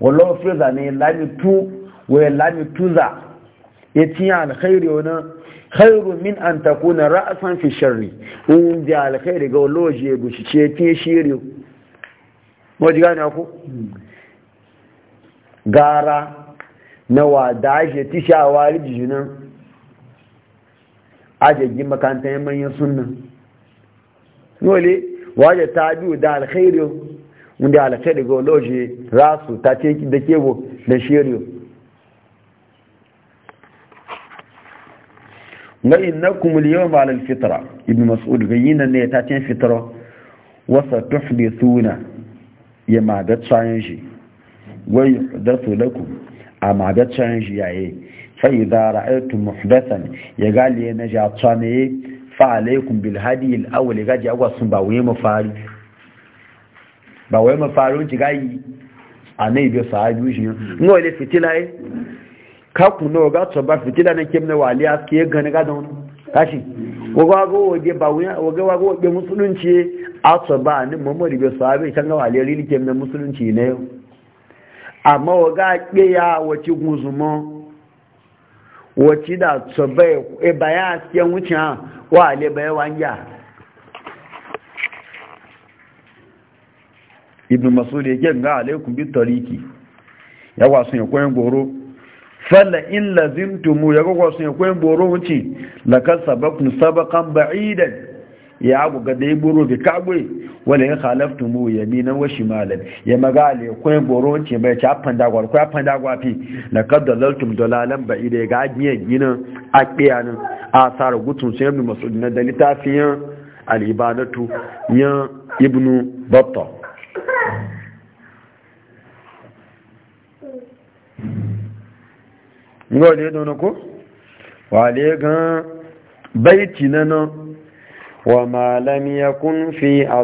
Speaker 1: wallahu fi zane lamitu wa lamitu za yatin alkhairi wannan khairu min an na ra'san fi sharri in ji alkhairi ga wallahu ya gushi ce ti shiri waji gane ku gara na wadaje tishawa rijinan ajajin makaranta ya manyan sunan. nole waje ta biyu da alkhairu wanda alkhairu ga loje rasu ta ce da kebo da shiryu na innakum al 'ala al-fitra ibn mas'ud gayyina ne ta ce fitra wa suna ya magatsan shi wai da lakum a magatsan shi yayi فإذا رأيتم محدثا يقال لنا جاءتاني فعليكم بالهدي الأول يقال جاءوا سنباوي مفاري باوي مفاري وانت قاي أني بيصعب وجه نو إلي فتلا إيه kakun nawa ga tsoba fitila na kemna wali a ke kashi wagago waje ba wuya waje musulunci a tsoba mamari bai sahabi can ga wali rili kemna musulunci ne amma waga ya wace guzumon wacce da tsobe e baya a cikin wucin ha wa ale baya ibi ibn da yake ga alaikun bi tariki ya kwasu ya koyin goro falla in lazimtumu ya ga ya koyin goro wuce lakar sabakun sabakan ba'idan ya guga da ya buru bi kagwe wala ya khalaftu mu yaminan wa shimalan ya magale ko buru ce bai ta fanda gwar ko fi gwafi laqad dalaltum dalalan ba ide ga giyan ginin aqiyanin asar gutun sai ibn mas'ud na dalita fiyan al-ibadatu ya ibnu batta ngole dono ko wale gan baiti nanan Wa لم يكن في a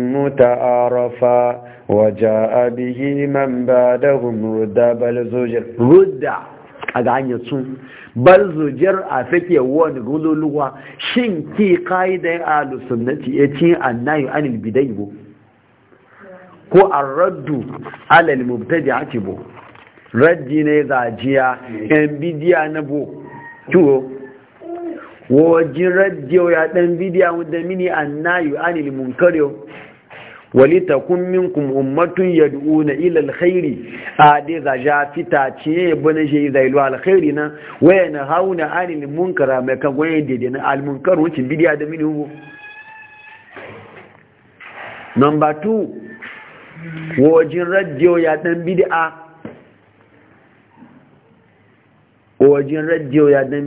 Speaker 1: متعارفا وجاء arafa, من بعدهم رد بل زجر رد أدعني تصوم bal zujar a fake wani gululuwa shin ki ka'idar ahlu sunnati ya ce annayu anil bidai bo ko arraddu alal mubtadi ati raddi ne zajiya yan bidiya na bo wajen radiyo ya ɗan bidiya da mini annayu anil munkariyo walitakun minkum ummatun yad'una ilal khairi a dai za ja fita ce bane shi zai lu alkhairi na waya na hauna anil munkara mai kan goyen dede na al munkar wucin bidiya da mini hugu number 2 wajen radio ya dan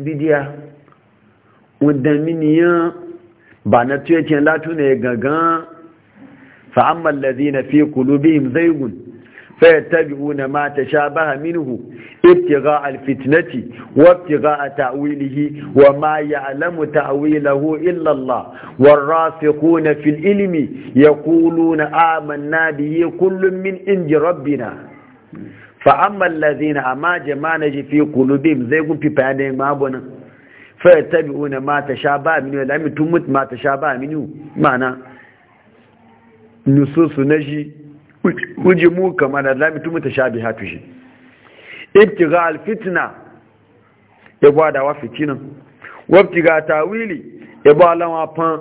Speaker 1: bidiya. ya ba na tuye ce latu ne gagan fa’ammal lazi na fi kulubihim zaigun fayar tabi’u na mata sha ba ha minuhu ibtira alfitnati waftira a ta’wilihi wa ma ya alamu ta’wilahu illallah warra fiku na fil ilimi ya kulu na amanna da yi kullum min inji rabbina fa’ammal lazi na amma jama na ji fi kulubihim zaigun fi fayanayin mabunan fayattabi'una ma ta sha tashaba minu la mitun mut ma tashaba minu mana nususu naji uje mu kama da la mitun mut tashabiha tushi ibtigha ya yabwa da wa fitina wabtiga tawili yabwa lan wa pan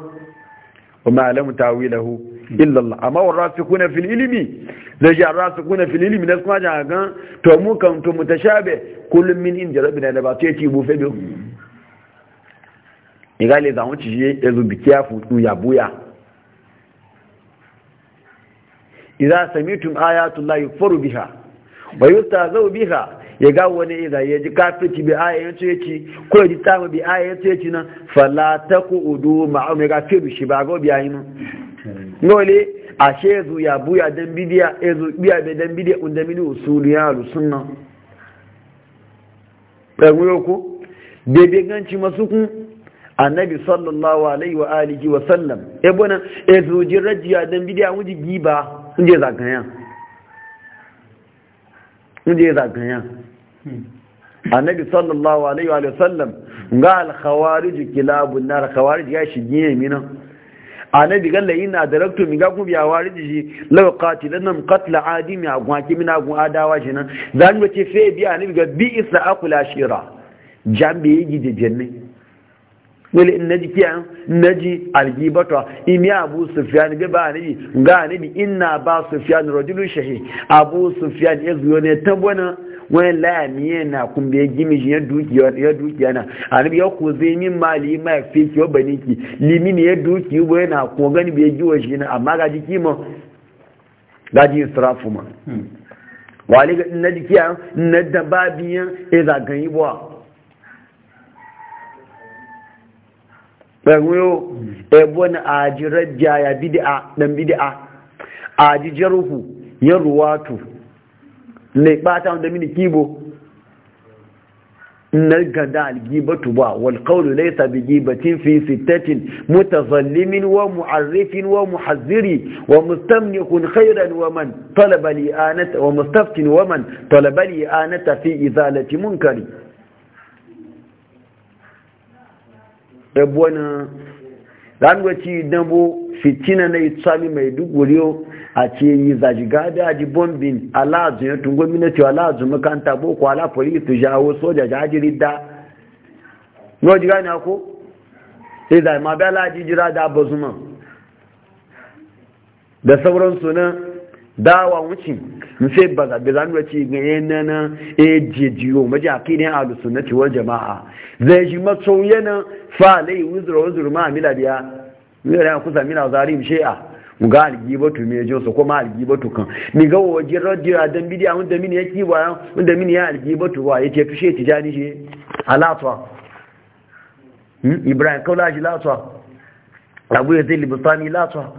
Speaker 1: wa ma lam tawilahu illa Allah amma warasikuna fil ilmi zai ji arrasikuna fil ilmi nas kuma jagan to mu kan to mutashabe kullum min inda rabbina da ba ta yi bufe biyu ìgbàlẹ̀ àwọn ti ṣe ẹzù bìkí tún yàbúyà ìdá samitum ayatullah yufaru biha wa yustazu biha ya ga wani idza ya ji kafirci bi ayatin su yace ko ya ji tamu bi ayatin su yace nan fala taqudu ma'a mai kafiru shi ba go biya yin ngole ashe zu ya dan biya be dan bidiya lé àṣẹ ẹ̀zù al-sunna ko bebe ganci annabi sallallahu alaihi wa alihi wa sallam e bona e zuji rajiya dan bidiya wuji giba unje zaganya unje zaganya hmm. annabi sallallahu alaihi wa sallam ga al khawarij kilabun nar khawarij ya ne mina annabi galla ina daraktu mi ga ku biya wariji shi law qatilanam qatla adimi agwa ki mina gun adawa shi nan zan wace fe bi annabi ga bi isa akula shira jambe yi gije jenne wale in naji kiyan naji algibata imi abu sufyan bi ba nabi ga ni inna ba sufyan rajulun shahi abu sufyan ya zuwa ne tabwana wani lamiye na kun bai gimi shi ya dukiya na anabi ya ku zai min mali ma ya wa kiyo ki limin ya duki ba yana ko gani bai giwa shi na amma gaji kima gaji israfu ma hmm. wale ga naji kiyan na dababiyan ya zagayi ba ɗanwiyo ebon aji rajja ya bid'a dan bid'a aji jaruhu ya ruwatu ne bata da mini kibo na gada algibatu ba wal qawlu laysa bi gibatin fi sittatin mutazallimin wa mu'arrifin wa muhazziri wa mustamnikun khairan wa man talaba anata wa mustaftin wa man talaba anata fi izalati munkari ebona langoci dambo fitina na itsami mai duguriyo a ce yi zajiga da aji bombin alazu ya tun gwamnati alazu makanta boko ala polisi jawo soja jajiri e da no jiga ne ko sai da ma bala jijira da bazuma da sauran sunan dawa wuce nse ba zaɓe za ce race ga yana na e jejiyo maji a kai ne a lusunati jama'a zai shi matso yana fa lai wuzura wuzura ma mila biya mila ya kusa mila zarim shi'a ga algibatu me jinsu ma algibatu kan ni ga waje radio a dan bidiya wanda mini ya kiwa wanda mini ya algibatu wa yace tushe tijani shi alatwa hmm? ibrahim kaula latwa abu yazid libustani latwa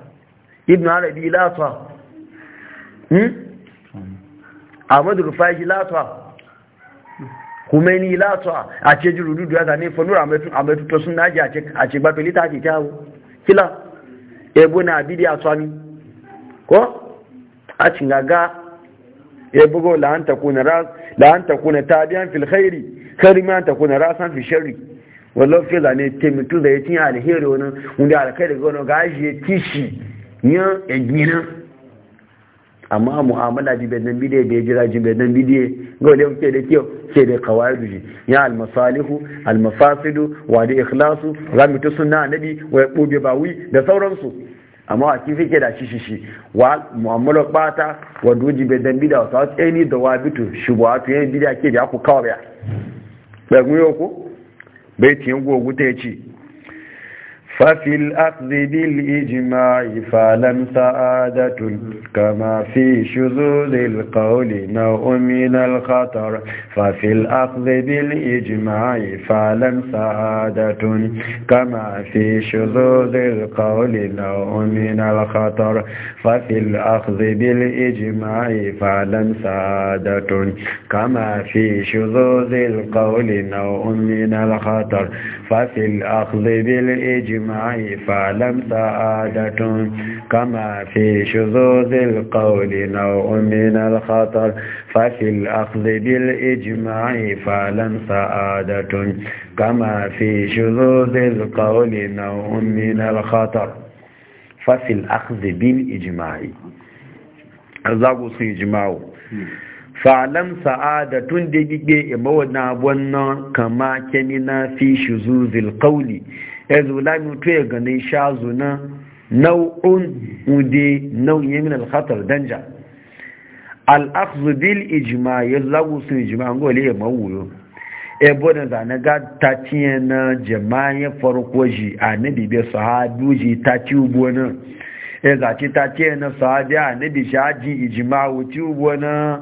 Speaker 1: ibn arabi latwa Hmm? ahmadu rufai latwa kumeni latwa a ce ji rududu ya zane fanura a metuto sun naji a ce gbato lita ke kyawo kila ebo na abidi a tsami ko a cingaga ebo go la'anta kuna tabiyan fil khairi kari ma ta kuna rasan fi shari wallo fi zane temitu da ya cinye alheri wani wanda alkai daga wani gashi ya tishi yan egina amma mu'amala bi bedan bidiye bai jira ji bedan bidiye ga wanda kuke da kyau sai da kawaidu ji ya almasalihu almafasidu wa da ikhlasu mu ta sunna annabi wa ba bawi da sauransu amma a kifi ke da shi shi shi wa mu'amala bata wa duji bedan bidiya wasu wasu any da wa bitu wato yan bidiya ke da ku kawai ya bai mu bai tiyan gogu ta ya yace ففي الأخذ بالإجماع فلم سعادة كما في شذوذ القول نوع من الخطر ففي الأخذ بالإجماع فلم سعادة كما في شذوذ القول نوع من الخطر ففي الأخذ بالإجماع فلم سعادة كما في شذوذ القول نوع من الخطر ففي الأخذ بالإجماع فلم سعادة كما في شذوذ القول نوع من الخطر ففي الأخذ بالإجماع فلم سعادة كما في شذوذ القول نوع من الخطر ففي الأخذ بالإجماع الزاقص إجماعه fa'alam sa'a da gige imawana wannan kama keni na fi shi zuzil kauli ya zula mutu ya ganin shazu na nau'un ude nau'in min alkhatar danja al'afzu bil ijima ya lagu su ijima an gole ya mawuyo ebo da zane ga ta ciye na jama'in farko ji a nabi bai ha duji ta ci ubo nan ya zaci ta ciye na ha a nabi shaji ijima wuce ubo nan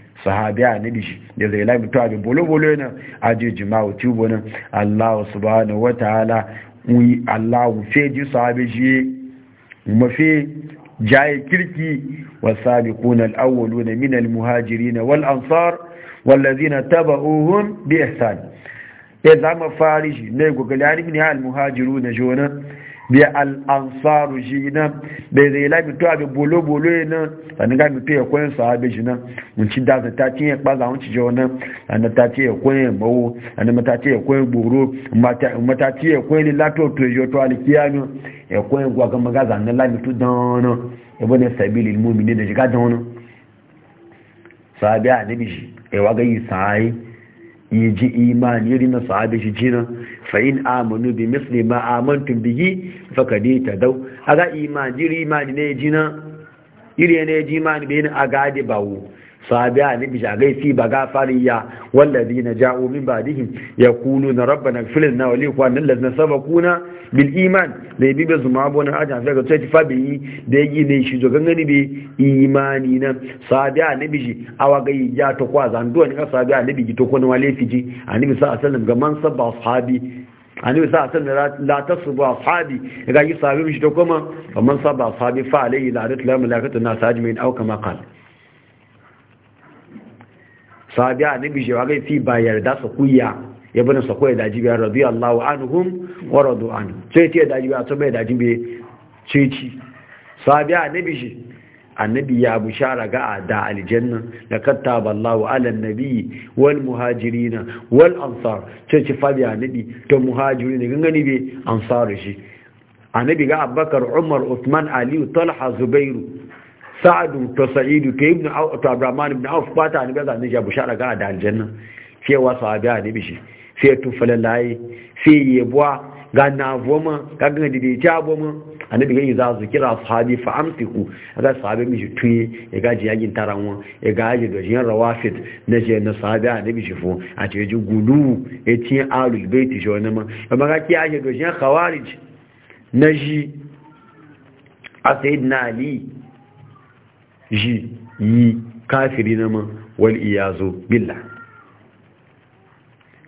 Speaker 1: sahabi a nabi shi da zai lai to abin bolo-bolo yana aji jima'u tubo nan allah subhanahu wa ta'ala allah fe ji sahabi shi mafi jaye kirki wasabiquna al-awwaluna min al-muhajirin wal-ansar wallazina tabauhum bi ihsan ya e zama farishi ne gogali ne al na jona bi al'ansaru shi nan bai zai labi to abin bolo-bolo ya nan sani ga mito ya sa sahabe shi nan wunci da ta ta ce ya kpaza wunci jau nan sani ta ce ya kwayan mawo sani mata ce ya kwayan gboro mata ce ya kwayan lilato to yi to alikiya e ne ya kwayan gwaga maga zanen labi to don ya bane sabi lilmomi ne da shiga don nan sahabe a nabi shi ya e waga yi sahaye yi ji imani yiri na sahabe shi ji fa'in amanu bi misli ma amantun bigi fakadi ta dau ga iman jiri imani ne jina iri ya ji imani bi a gadi bawo sabi a nabi shagai fi ba gafari ya wallazi na ja'o min ya kulu na rabba na filin na wali kuwa nan lazina saba kuna bil iman da ya bibe zuma abu na ajiyar fiye ga tsaye yi da ya yi ne shi zogon gani bi imani na sabi a nabi shi awa ga yi ya ta kwa zanduwa ne ka sabi a nabi ji to wale fiji a nabi sa asalin ga man saba sahabi annabi sa san da la tasbu ashabi ga yi sabi mishi da kuma kamar a sabi fa alayhi la'anatu la malakatu nas ajmin aw kama qala sabi annabi shi wa ga fi ba yarda su kuya ya bani su koya daji biyar radiyallahu anhum wa radu anhu sai ce daji biyar to bai daji biyar ce sabi sahabi annabi shi annabi ya bushara ga a da aljanna da kattaba Allahu ala nabi wal muhajirina wal ansar ce ci fabi annabi to muhajiri ne gangani be ansar shi annabi ga Abubakar Umar Usman, Ali Talha Zubairu Sa'ad to Sa'id to Ibn to Abraman ibn Auf fata annabi ga annabi ya bushara ga a da aljanna sai wa sahabi annabi shi sai tufalalai sai yebwa ga na voma ga gangani da ta voma annabi ga za su kira sahabi fa amsiku ga sahabi mi tuye ya gaji yakin taranwa ya gaji da jin rawafid na je na sahabi annabi shi fu a ce ji gulu ya ci alul baiti jo na ma amma ga ki yaje da jin khawarij na ji a sayyidina ali ji yi kafiri na ma wal iyazu billah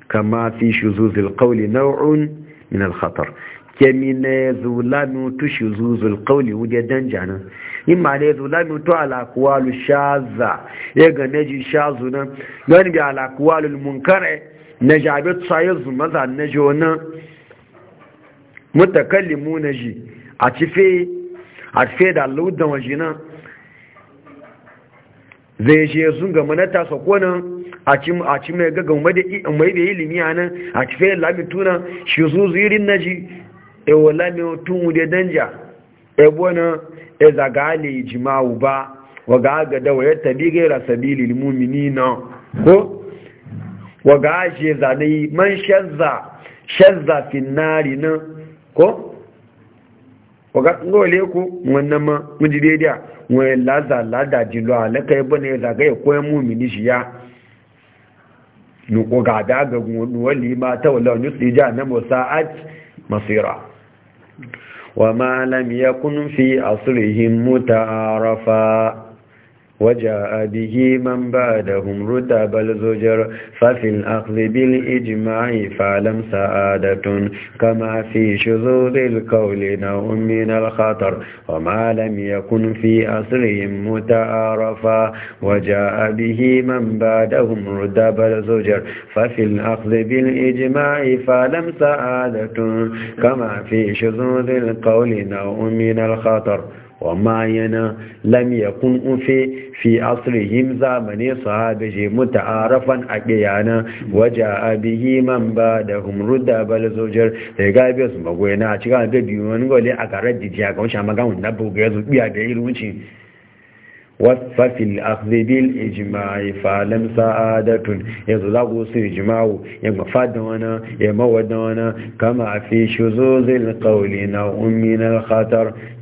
Speaker 1: kama fi shuzuzil qawli naw'un min al-khatar kemi ne zulami mutu shi zuzul kauli wude dan jana in ma ne zulami tu alakuwalu shaza ya ga neji shazu nan gani bi alakuwalu munkare na jabe tsaye maza na ji wani mutakallimu na ji a cife a cife da laudan waje nan zai je sun ga manata nan a ci mai gagan mai da ilimi a nan a cife lamituna shi irin na ji ewola mai tun wude danja ebona ezagali jima'u ba waga agada wa ya tabi gaira sabilil mu'minina ko wa ga ashe zane man shazza shazza fi nari na ko ga ngole ku wannan ma muji daidai wani laza lada jilo alaka ebona ezagaya e ko mu'mini nu Ko ga da ga wani ma ta wala wani tsija na musa'at masira wa ya ma lam yakun fi aslihim mutarafa وجاء به من بعدهم رتب الزجر ففي الأخذ بالإجماع فعلم سعادة كما في شذوذ القول نوع من الخطر وما لم يكن في أصلهم متعارفا وجاء به من بعدهم رتب الزجر ففي الأخذ بالإجماع فعلم سعادة كما في شذوذ القول نوع من الخطر wa mayana lam yakun ufe fi asrihim zamani sahabi je muta'arafan a kiyana waja abihi man ba da humruda bal zojar da ga biyu su magoya na a cikin abin wani gole a karar jiya ga wani shama gamun na buga ya zuɓi a gari rucin wasfafil akzibil ijimai falam sa'adatun ya zula ko su ijimawo ya mafada wani ya mawada wani kama a fi shi zozin kauli na umminar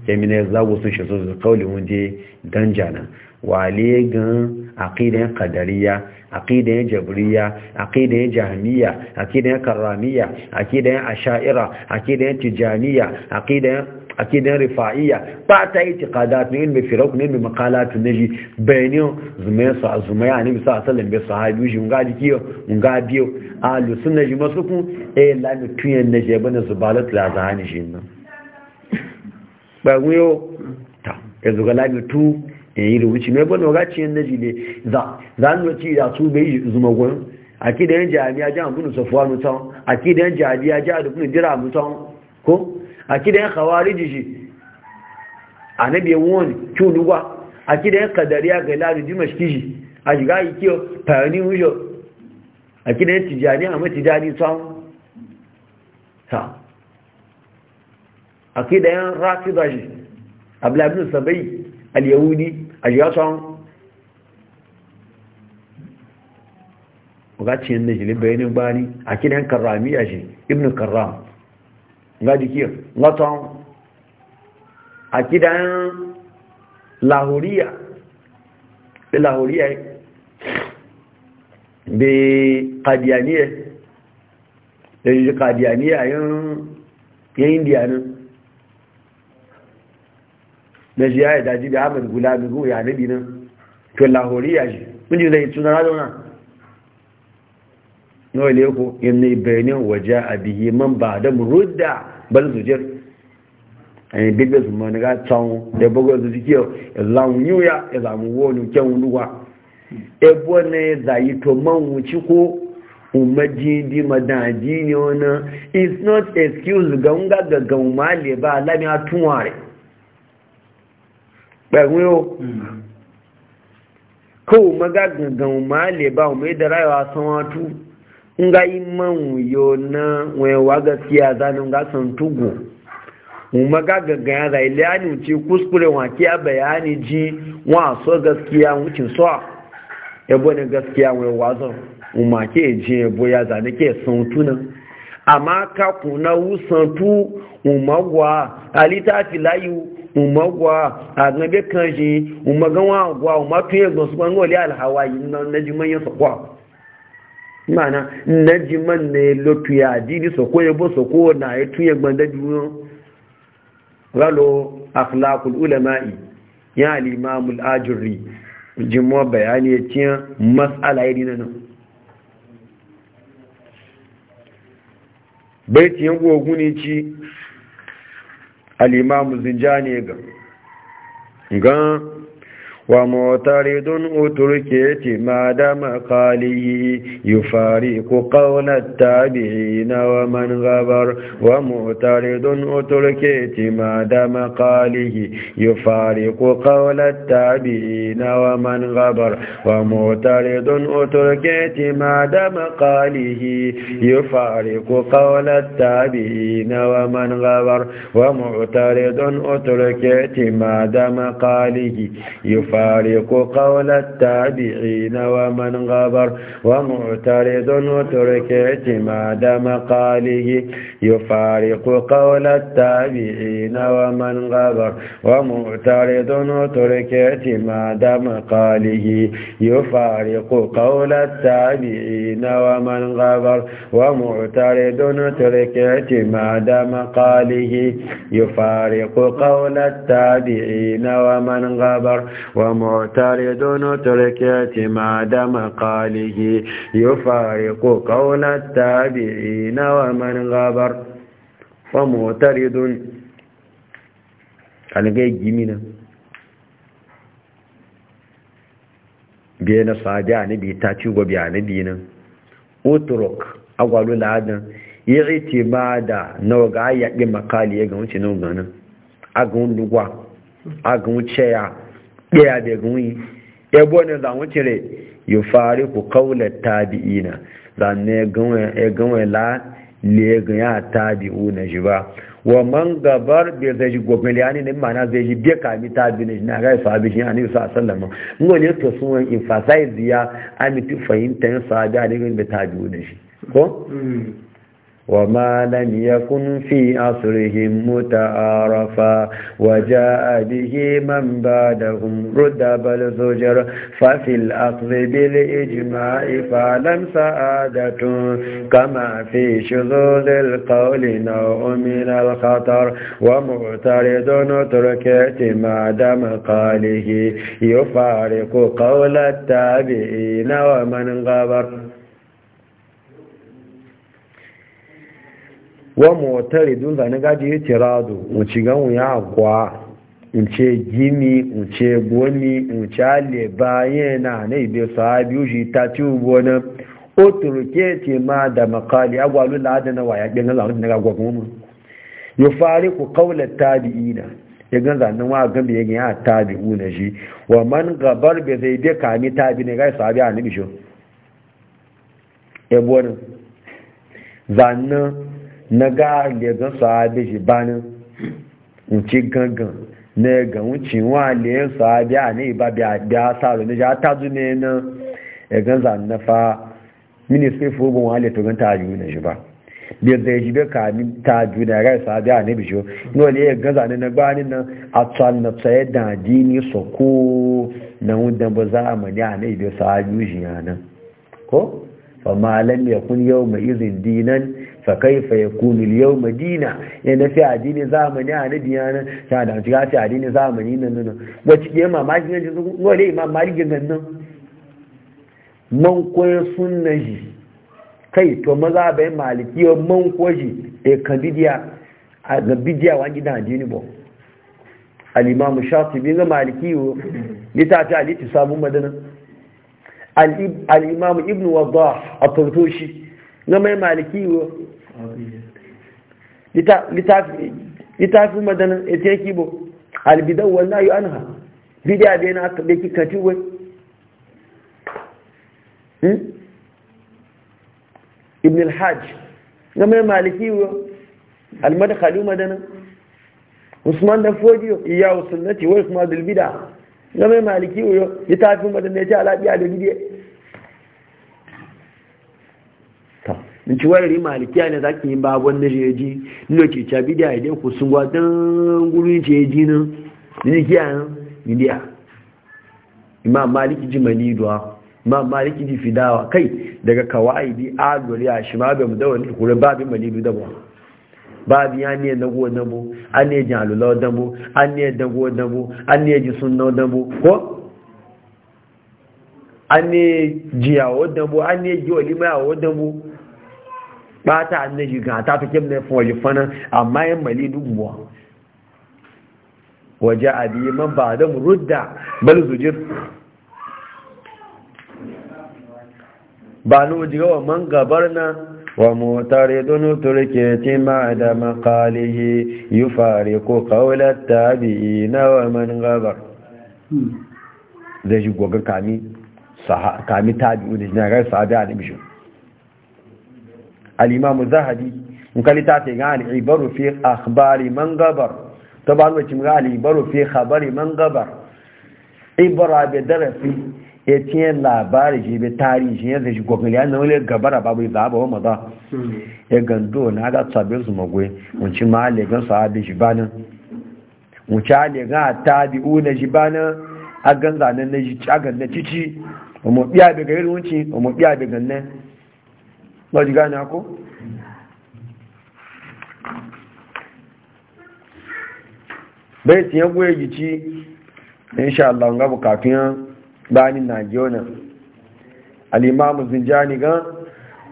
Speaker 1: kemina zago sun shi zuwa kawai don jana wale gan aqidan kadariya aqidan jabriya aqidan jahmiya aqidan karamiya aqidan ashaira aqidan tijaniya aqidan rifa'iya? rifa'iyya ba ta itiqadat ne ilmi firaq ne maqalat naji bayani zumai sa zumai ani sa bai bi sahabi shi nga dikiyo nga biyo alu sunna ji masuku e eh, la tuyen naje bane su la zahani shi nan gbagunyo hmm. ta Yanzu ezogalabi tu yi da wuce mebe na oga ciye neji ne za a nnoci da su bai yi zuma zumagun aki da yin jami'a ji abu nusofuwa mutan aki da yin jami'a ji abu nijira mutan ko aki da yin kawari shi a na biya wuwan cunugwa aki da yin kadari a ga ilari dimash kiji a shiga iki fayoni wujo aki da yin tijani a mai tijani sa akida yan rafida shi abdullahi bin sabai al-yahudi ajiyatan gaci yin najili bayanin bani a kinan karramiya shi ibn Karam, ga jikiyar latin a kidan lahoriya da lahoriya da kadiyaniya da kadiyaniya yin indiyanin na shi ya yi daji da abin gula da goya na binan to lahori ya shi kunji zai tuna na zauna na wale ko yanne bayanin waje a biyi man ba da murudda bal zujar a yi bibbe su mani ga tsawon da bugu su suke ya zamu yiwuya ya zamu wani kyan ruwa ebo ne zayi to man wuci ko di madaji ne wani it's not excuse ga nga ga gaumale ba a tunware ɓarwe hmm. o kawo magagangan ma le ba o mai da rayuwa san watu in yi man yo na wayewa gaskiya zanen ga san tugu mu magagangan ya zai liyani ce kuskure wake ya bayani ji wa so gaskiya wucin so yabo ne gaskiya wayewa zan umma ke ji yabo ya zane ke san tunan amma ka kuna wusan tu umma gwa alita filayu umagwa a nabe kan shi umagan wa gwa umatu ya zo su ban wali alhawayi na ma ya sakwa mana na jiman ne lotu ya jini sako ya bo na ya tuye gbanda duniya ralo akhlaqul ulama'i ya al-imam ya nan bai al'imamu zinjani ga gan ومعترض أتركت ما دام قاله يفارق قول التابعين ومن غبر ومعترض أتركت ما دام قاله يفارق قول التابعين ومن غبر ومعترض أتركت ما دام قاله يفارق قول التابعين ومن غبر ومعترض أتركت ما دام قاله يفارق يفارق قول التابعين ومن غبر ومعترض وترك اعتماد مقاله يفارق قول التابعين ومن غبر ومعترض وترك اعتماد مقاله يفارق قول التابعين ومن غبر ومعترض وترك اعتماد مقاله يفارق قول التابعين ومن غبر ومعترض ومعترض تركة ما دم قاله يفارق قول التابعين ومن غبر فمعترض قال جاي جمينا biye na sahabi annabi ta ci gobe annabi nan utruk agwalu ladan yi itibada na makali ya ga wuce na agun lugwa agun ceya ɗaya da gumi yabo ne za mu cire yi fari ku kaula ina za ne gawai la le gaya tabi'u una shi ba wa man gabar bai zai shi gwamnati ya ne mana zai shi bai kami tabi na shi na gai sabi shi a ne sa sallama ngo ne to sun wani emphasize ya fahimta fahimtar sabi a ne gani bai tabi'u na shi ko mm. وما لم يكن في عصرهم متعارفا وجاء به من بعدهم ردب الزجر ففي الأخذ بالإجماع فعلم سعادة كما في شذوذ القول نوع من الخطر ومعترض نترك اعتماد مقاله يفارق قول التابعين ومن غبر wa motari dun zane gaji ya ce rado wuce ganwu ya agwa wuce gini wuce goni wuce ale bayan na na ibe sahabi uji ta ci ugbo na o turke ce ma da makali agwalu lada na waya gbe na zaune na gagwa goma ya fari ku kaula tabi'ina ya gan zanen wa gan bi yagin ya tabi'u na shi wa man gabar bai zai dai kami tabi ne gai sahabi a nabi shi ebonin zanen na ga legan sahabi shi banin wuce gangan na ga wuce wa legan sahabi a ne ba biya saro na ja ta zu ne na e gan zan na fa ministry for ogun wa leto gan ta ju na shi ba bi zai shi be ka mi ta ju na ga sahabi a ne bi shi no le egan zan na gba ni na atwal na tsaye da dini soko na wudan ba za a mani a ne bi sahabi ko فما لم يكن يوم إذن دينا فكيف يكون اليوم دينا يعني في عدين زامني على ديانا شاهد عن شكاتي عدين زامني ننن وشكي ما ما جنجي نقول إمام مالك جنجن من كوين سنجي kai to maza bai malikiyar man kwaji e kabidiya a gabidiya wa gidan adini bo بو الإمام shafi bin maliki littafi aliti تسامو madanan al’imamu ibn wadda a fartoshi na mai maliki wo littafi madanin ita yake bo albidan wannan yi an ha bidiya da yana aka beki kati wai hmm? ibn al-hajj na mai maliki wo almadakali madanin usman da fodiyo iya usunnati wai kuma dalbida game maliki uyo ya tafi madan ya ce alabiya da bidiye ta in ci wayar malikiya ne zaki yin babon na jeji nuna ke ca bidiya idan ku sun gwadon gurin jeji nan bidiya nan bidiya imam maliki ji maniduwa imam maliki ji fidawa kai daga kawai di agwari a shi ma bai mu da wani kure babin manidu Ba babu ya ne na go dambo an ne jin alula dambo an ne dago dambo an ne ji sunna dambo ko an ne jiyawo dambo an ne ji olima yawo dambo bata an ne jiga ta fi kimna fun waje fana amma yan mali dubuwa waje abi man ba da rudda bal zujir ba no jiga wa man gabar na ومعترض تركية بعد مقاله يفارق قول التابعين ومن غبر zai shi gogon kami tabi'u da jinagar sahabi a dimishin alimamu zahabi in kalita ta ga al'ibaru fi akhbari man gabar ta ba nuna cimga al'ibaru fi khabari man gabar ibara da darasi ya tiye labari shi bai tarihi shi yanzu shi gwagwani ya nan gabara babu za a ba wama za ya gando na aga tsabe su magwai wunci ma legan sahabi shi banan wuce a legan a tabi una shi banan a gan zanen na shi cagan na cici amma biya da gari wunci mo biya da gannan ba ji gane ko bai tiye gwaye gici insha Allah ga bukatun bayanin na giyona al'imamu zinjani gan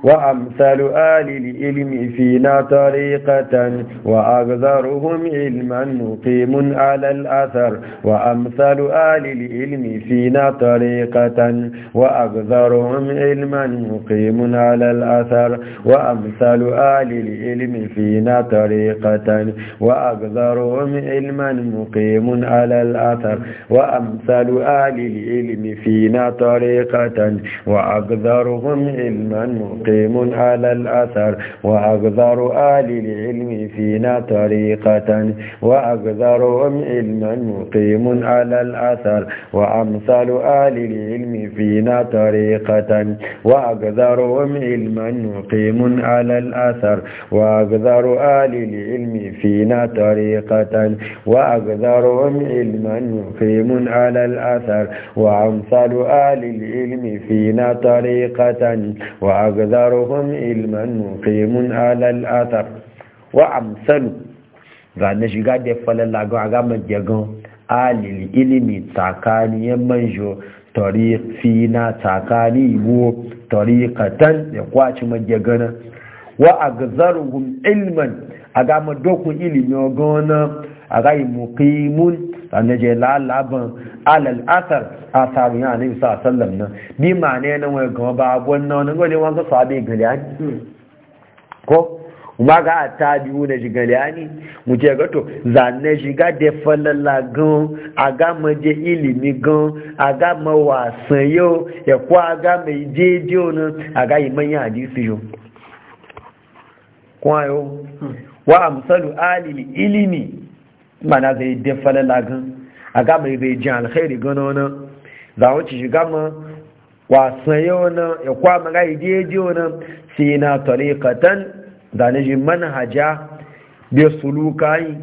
Speaker 1: وأمثال آل العلم فينا طريقة وأكثرهم علما مقيم على الأثر وأمثال آل العلم فينا طريقة وأكثرهم علما مقيم على الأثر وأمثال آل العلم فينا طريقة وأكثرهم علما مقيم على الأثر وأمثال آل العلم فينا طريقة وأكثرهم علما مقيم مقيم على الأثر وأقدر آل العلم فينا طريقة وأقدرهم علما مقيم على الأثر وأمثال آل العلم فينا طريقة وأقدرهم علما مقيم على الأثر وأقدر آل العلم فينا طريقة وأقدرهم علما مقيم على الأثر وأمثال آل العلم فينا طريقة وأقدر أكثرهم علما مقيم على الأثر وأمثل zane shiga da falon lagu a gama jagon alil ilimi tsakani yan manjo fina tsakani iwo tarikatan da kwaci majagana wa a gazaruhun ilman a gama dokun ilimin gona a gai mukimun zane je lalaban alal asar a samu ya ne sa sallam nan bi ma ne nan wai gama ba gwanna wani gwani wanzu sahabi galiyani hmm. ko ma ga a ta biyu na shi galiyani mu ce ga to zane shi ga da falala gan a ga ma je ilimi gan a ga ma wasan yau ya ko a ga mai jejiyo nan a ga yi manyan hadisi yau yau hmm. wa amsalu alil ilimi mana zai da falala gan a gama bai ji alkhairi gano na, za wuce shi gama wasan yau na ya kwama ga ideji wani sai na tariqatan da na ji manhaja bi suluka yi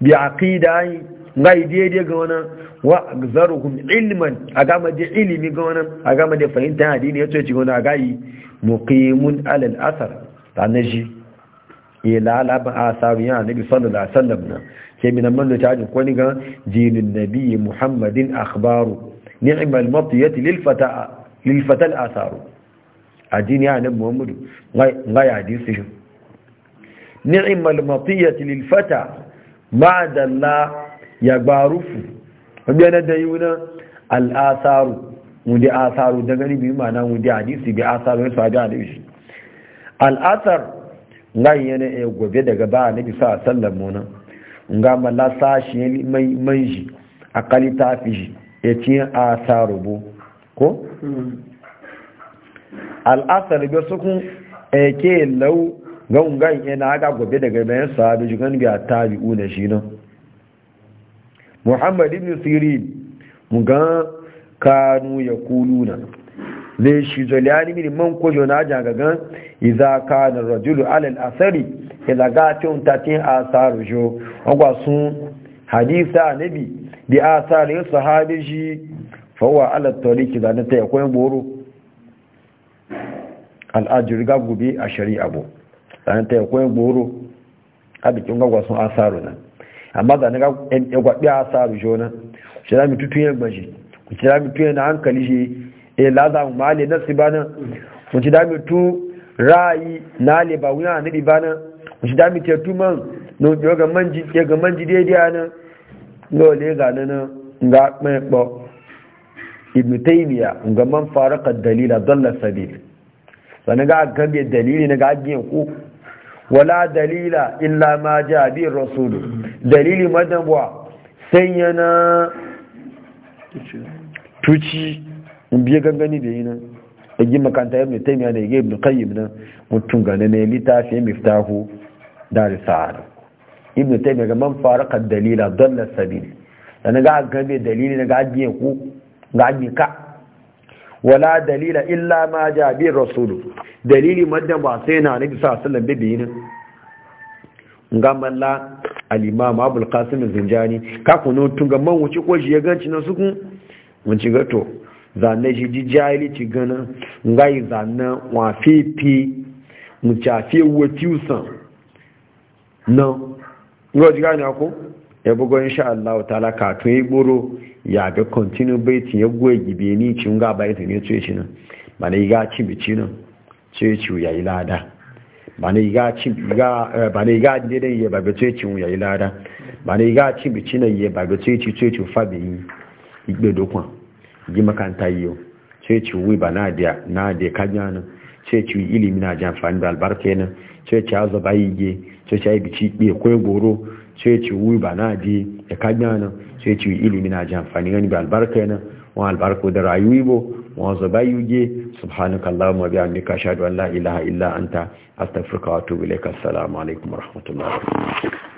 Speaker 1: bi aqidai yi ga ideji ga na, wa zaruhum ilman aga ma je ilimi ga wani a gama da fahimta addini ya ci wani aga yi muqimun alal asar da na ji ila alaba asarin nabi sallallahu alaihi wasallam sai minan man ta ji kwani ga jinin nabi muhammadin akhbaru ni'mal matiyati lil fata lil fata al asaru ajini ya nan muhammadu ga ya hadisi shi ni'mal matiyati lil fata ma'adalla ya barufu wanda da yuna al asaru wudi asaru daga ni bi mana wudi hadisi bi asaru sai da hadisi al asar ngai yana e gobe daga ba nabi sallallahu alaihi wasallam nga mala sashi mai manji a kalita fi shi ya ci a sarubu ko? al'asar ga sukun ake e lau ya yana aga gobe daga bayan sahabi jigan biya tabi'u na shi nan muhammad ibn mu ga kanu ya kuluna zai shi zoliyani mini man kojo na ajiya gagan iza ka na rajulu alal asari ila ga tun tatin asaru jo agwa sun hadisa anabi bi asari sahabi shi fawa al’attori ki zane ta taya koyan boro al'ajir ga gobe a shari'a bu zane ta taya koyan boro abikin bikin gagwa sun asaru nan amma da na ga gwabi asaru jo nan shi da mutu tuyen gbashi ku kira mutu hankali shi e laza mu male na si bana mun ci dami tu rayi na le ba wuya na di bana mun ci dami te tu man no yo ga man ji ga ji dai dai na no le ga nan ga me bo ibn taymiya ga man faraka dalila dalla sabil sana ga gabe dalili na ga giyan ku wala dalila illa ma ja bi rasul dalili madan wa sai tuci biya gangani da yi nan a gina makanta ibn taymiya da na ibn qayyim nan mutum ga ne litafi miftahu da sa'ada ibn taymiya ga man kan dalila dalla da na ga gabe dalili na gajiye ku ga bi ka wala dalila illa ma ja bi rasulu dalili madda ba sai na nabi sallallahu alaihi da bi nan ngamalla al-imam abul qasim zinjani ka kuno tunga man wuce ko shi ya ganci na sukun mun ci gato zane shi ji jahilici ganin ngai zane wafe fi mucafe watiusan nan ga ji gani ako ya bugo insha Allah ta'ala ka to yi gboro ya ga continue bait ya goye gibe ni ci nga bai ta ne tsoye shi nan ba ne ga ci bici nan tsoye ci ya yi lada ba ne ga ci ga eh, ba ne ga dinde ya ba ga tsoye ci ya yi lada ba ne ga ci bici nan ya ba ga tsoye ci tsoye ci fa bi igbe dokwan Yi ji makaranta yiwu ce ci wi ba na da na da kanya nan ce ci ilimi na ji amfani da albarka nan ce ci azo ba yi ge ce ci aibi ci ɗe kwai goro ce ci wi ba na da da kanya nan ce ci ilimi na ji amfani gani ba albarka nan wani albarka da rayuwi bo wani zo ba yi ge subhanakallah wa bihamdika ashhadu an la ilaha illa anta astaghfiruka wa atubu ilaik assalamu alaikum wa rahmatullahi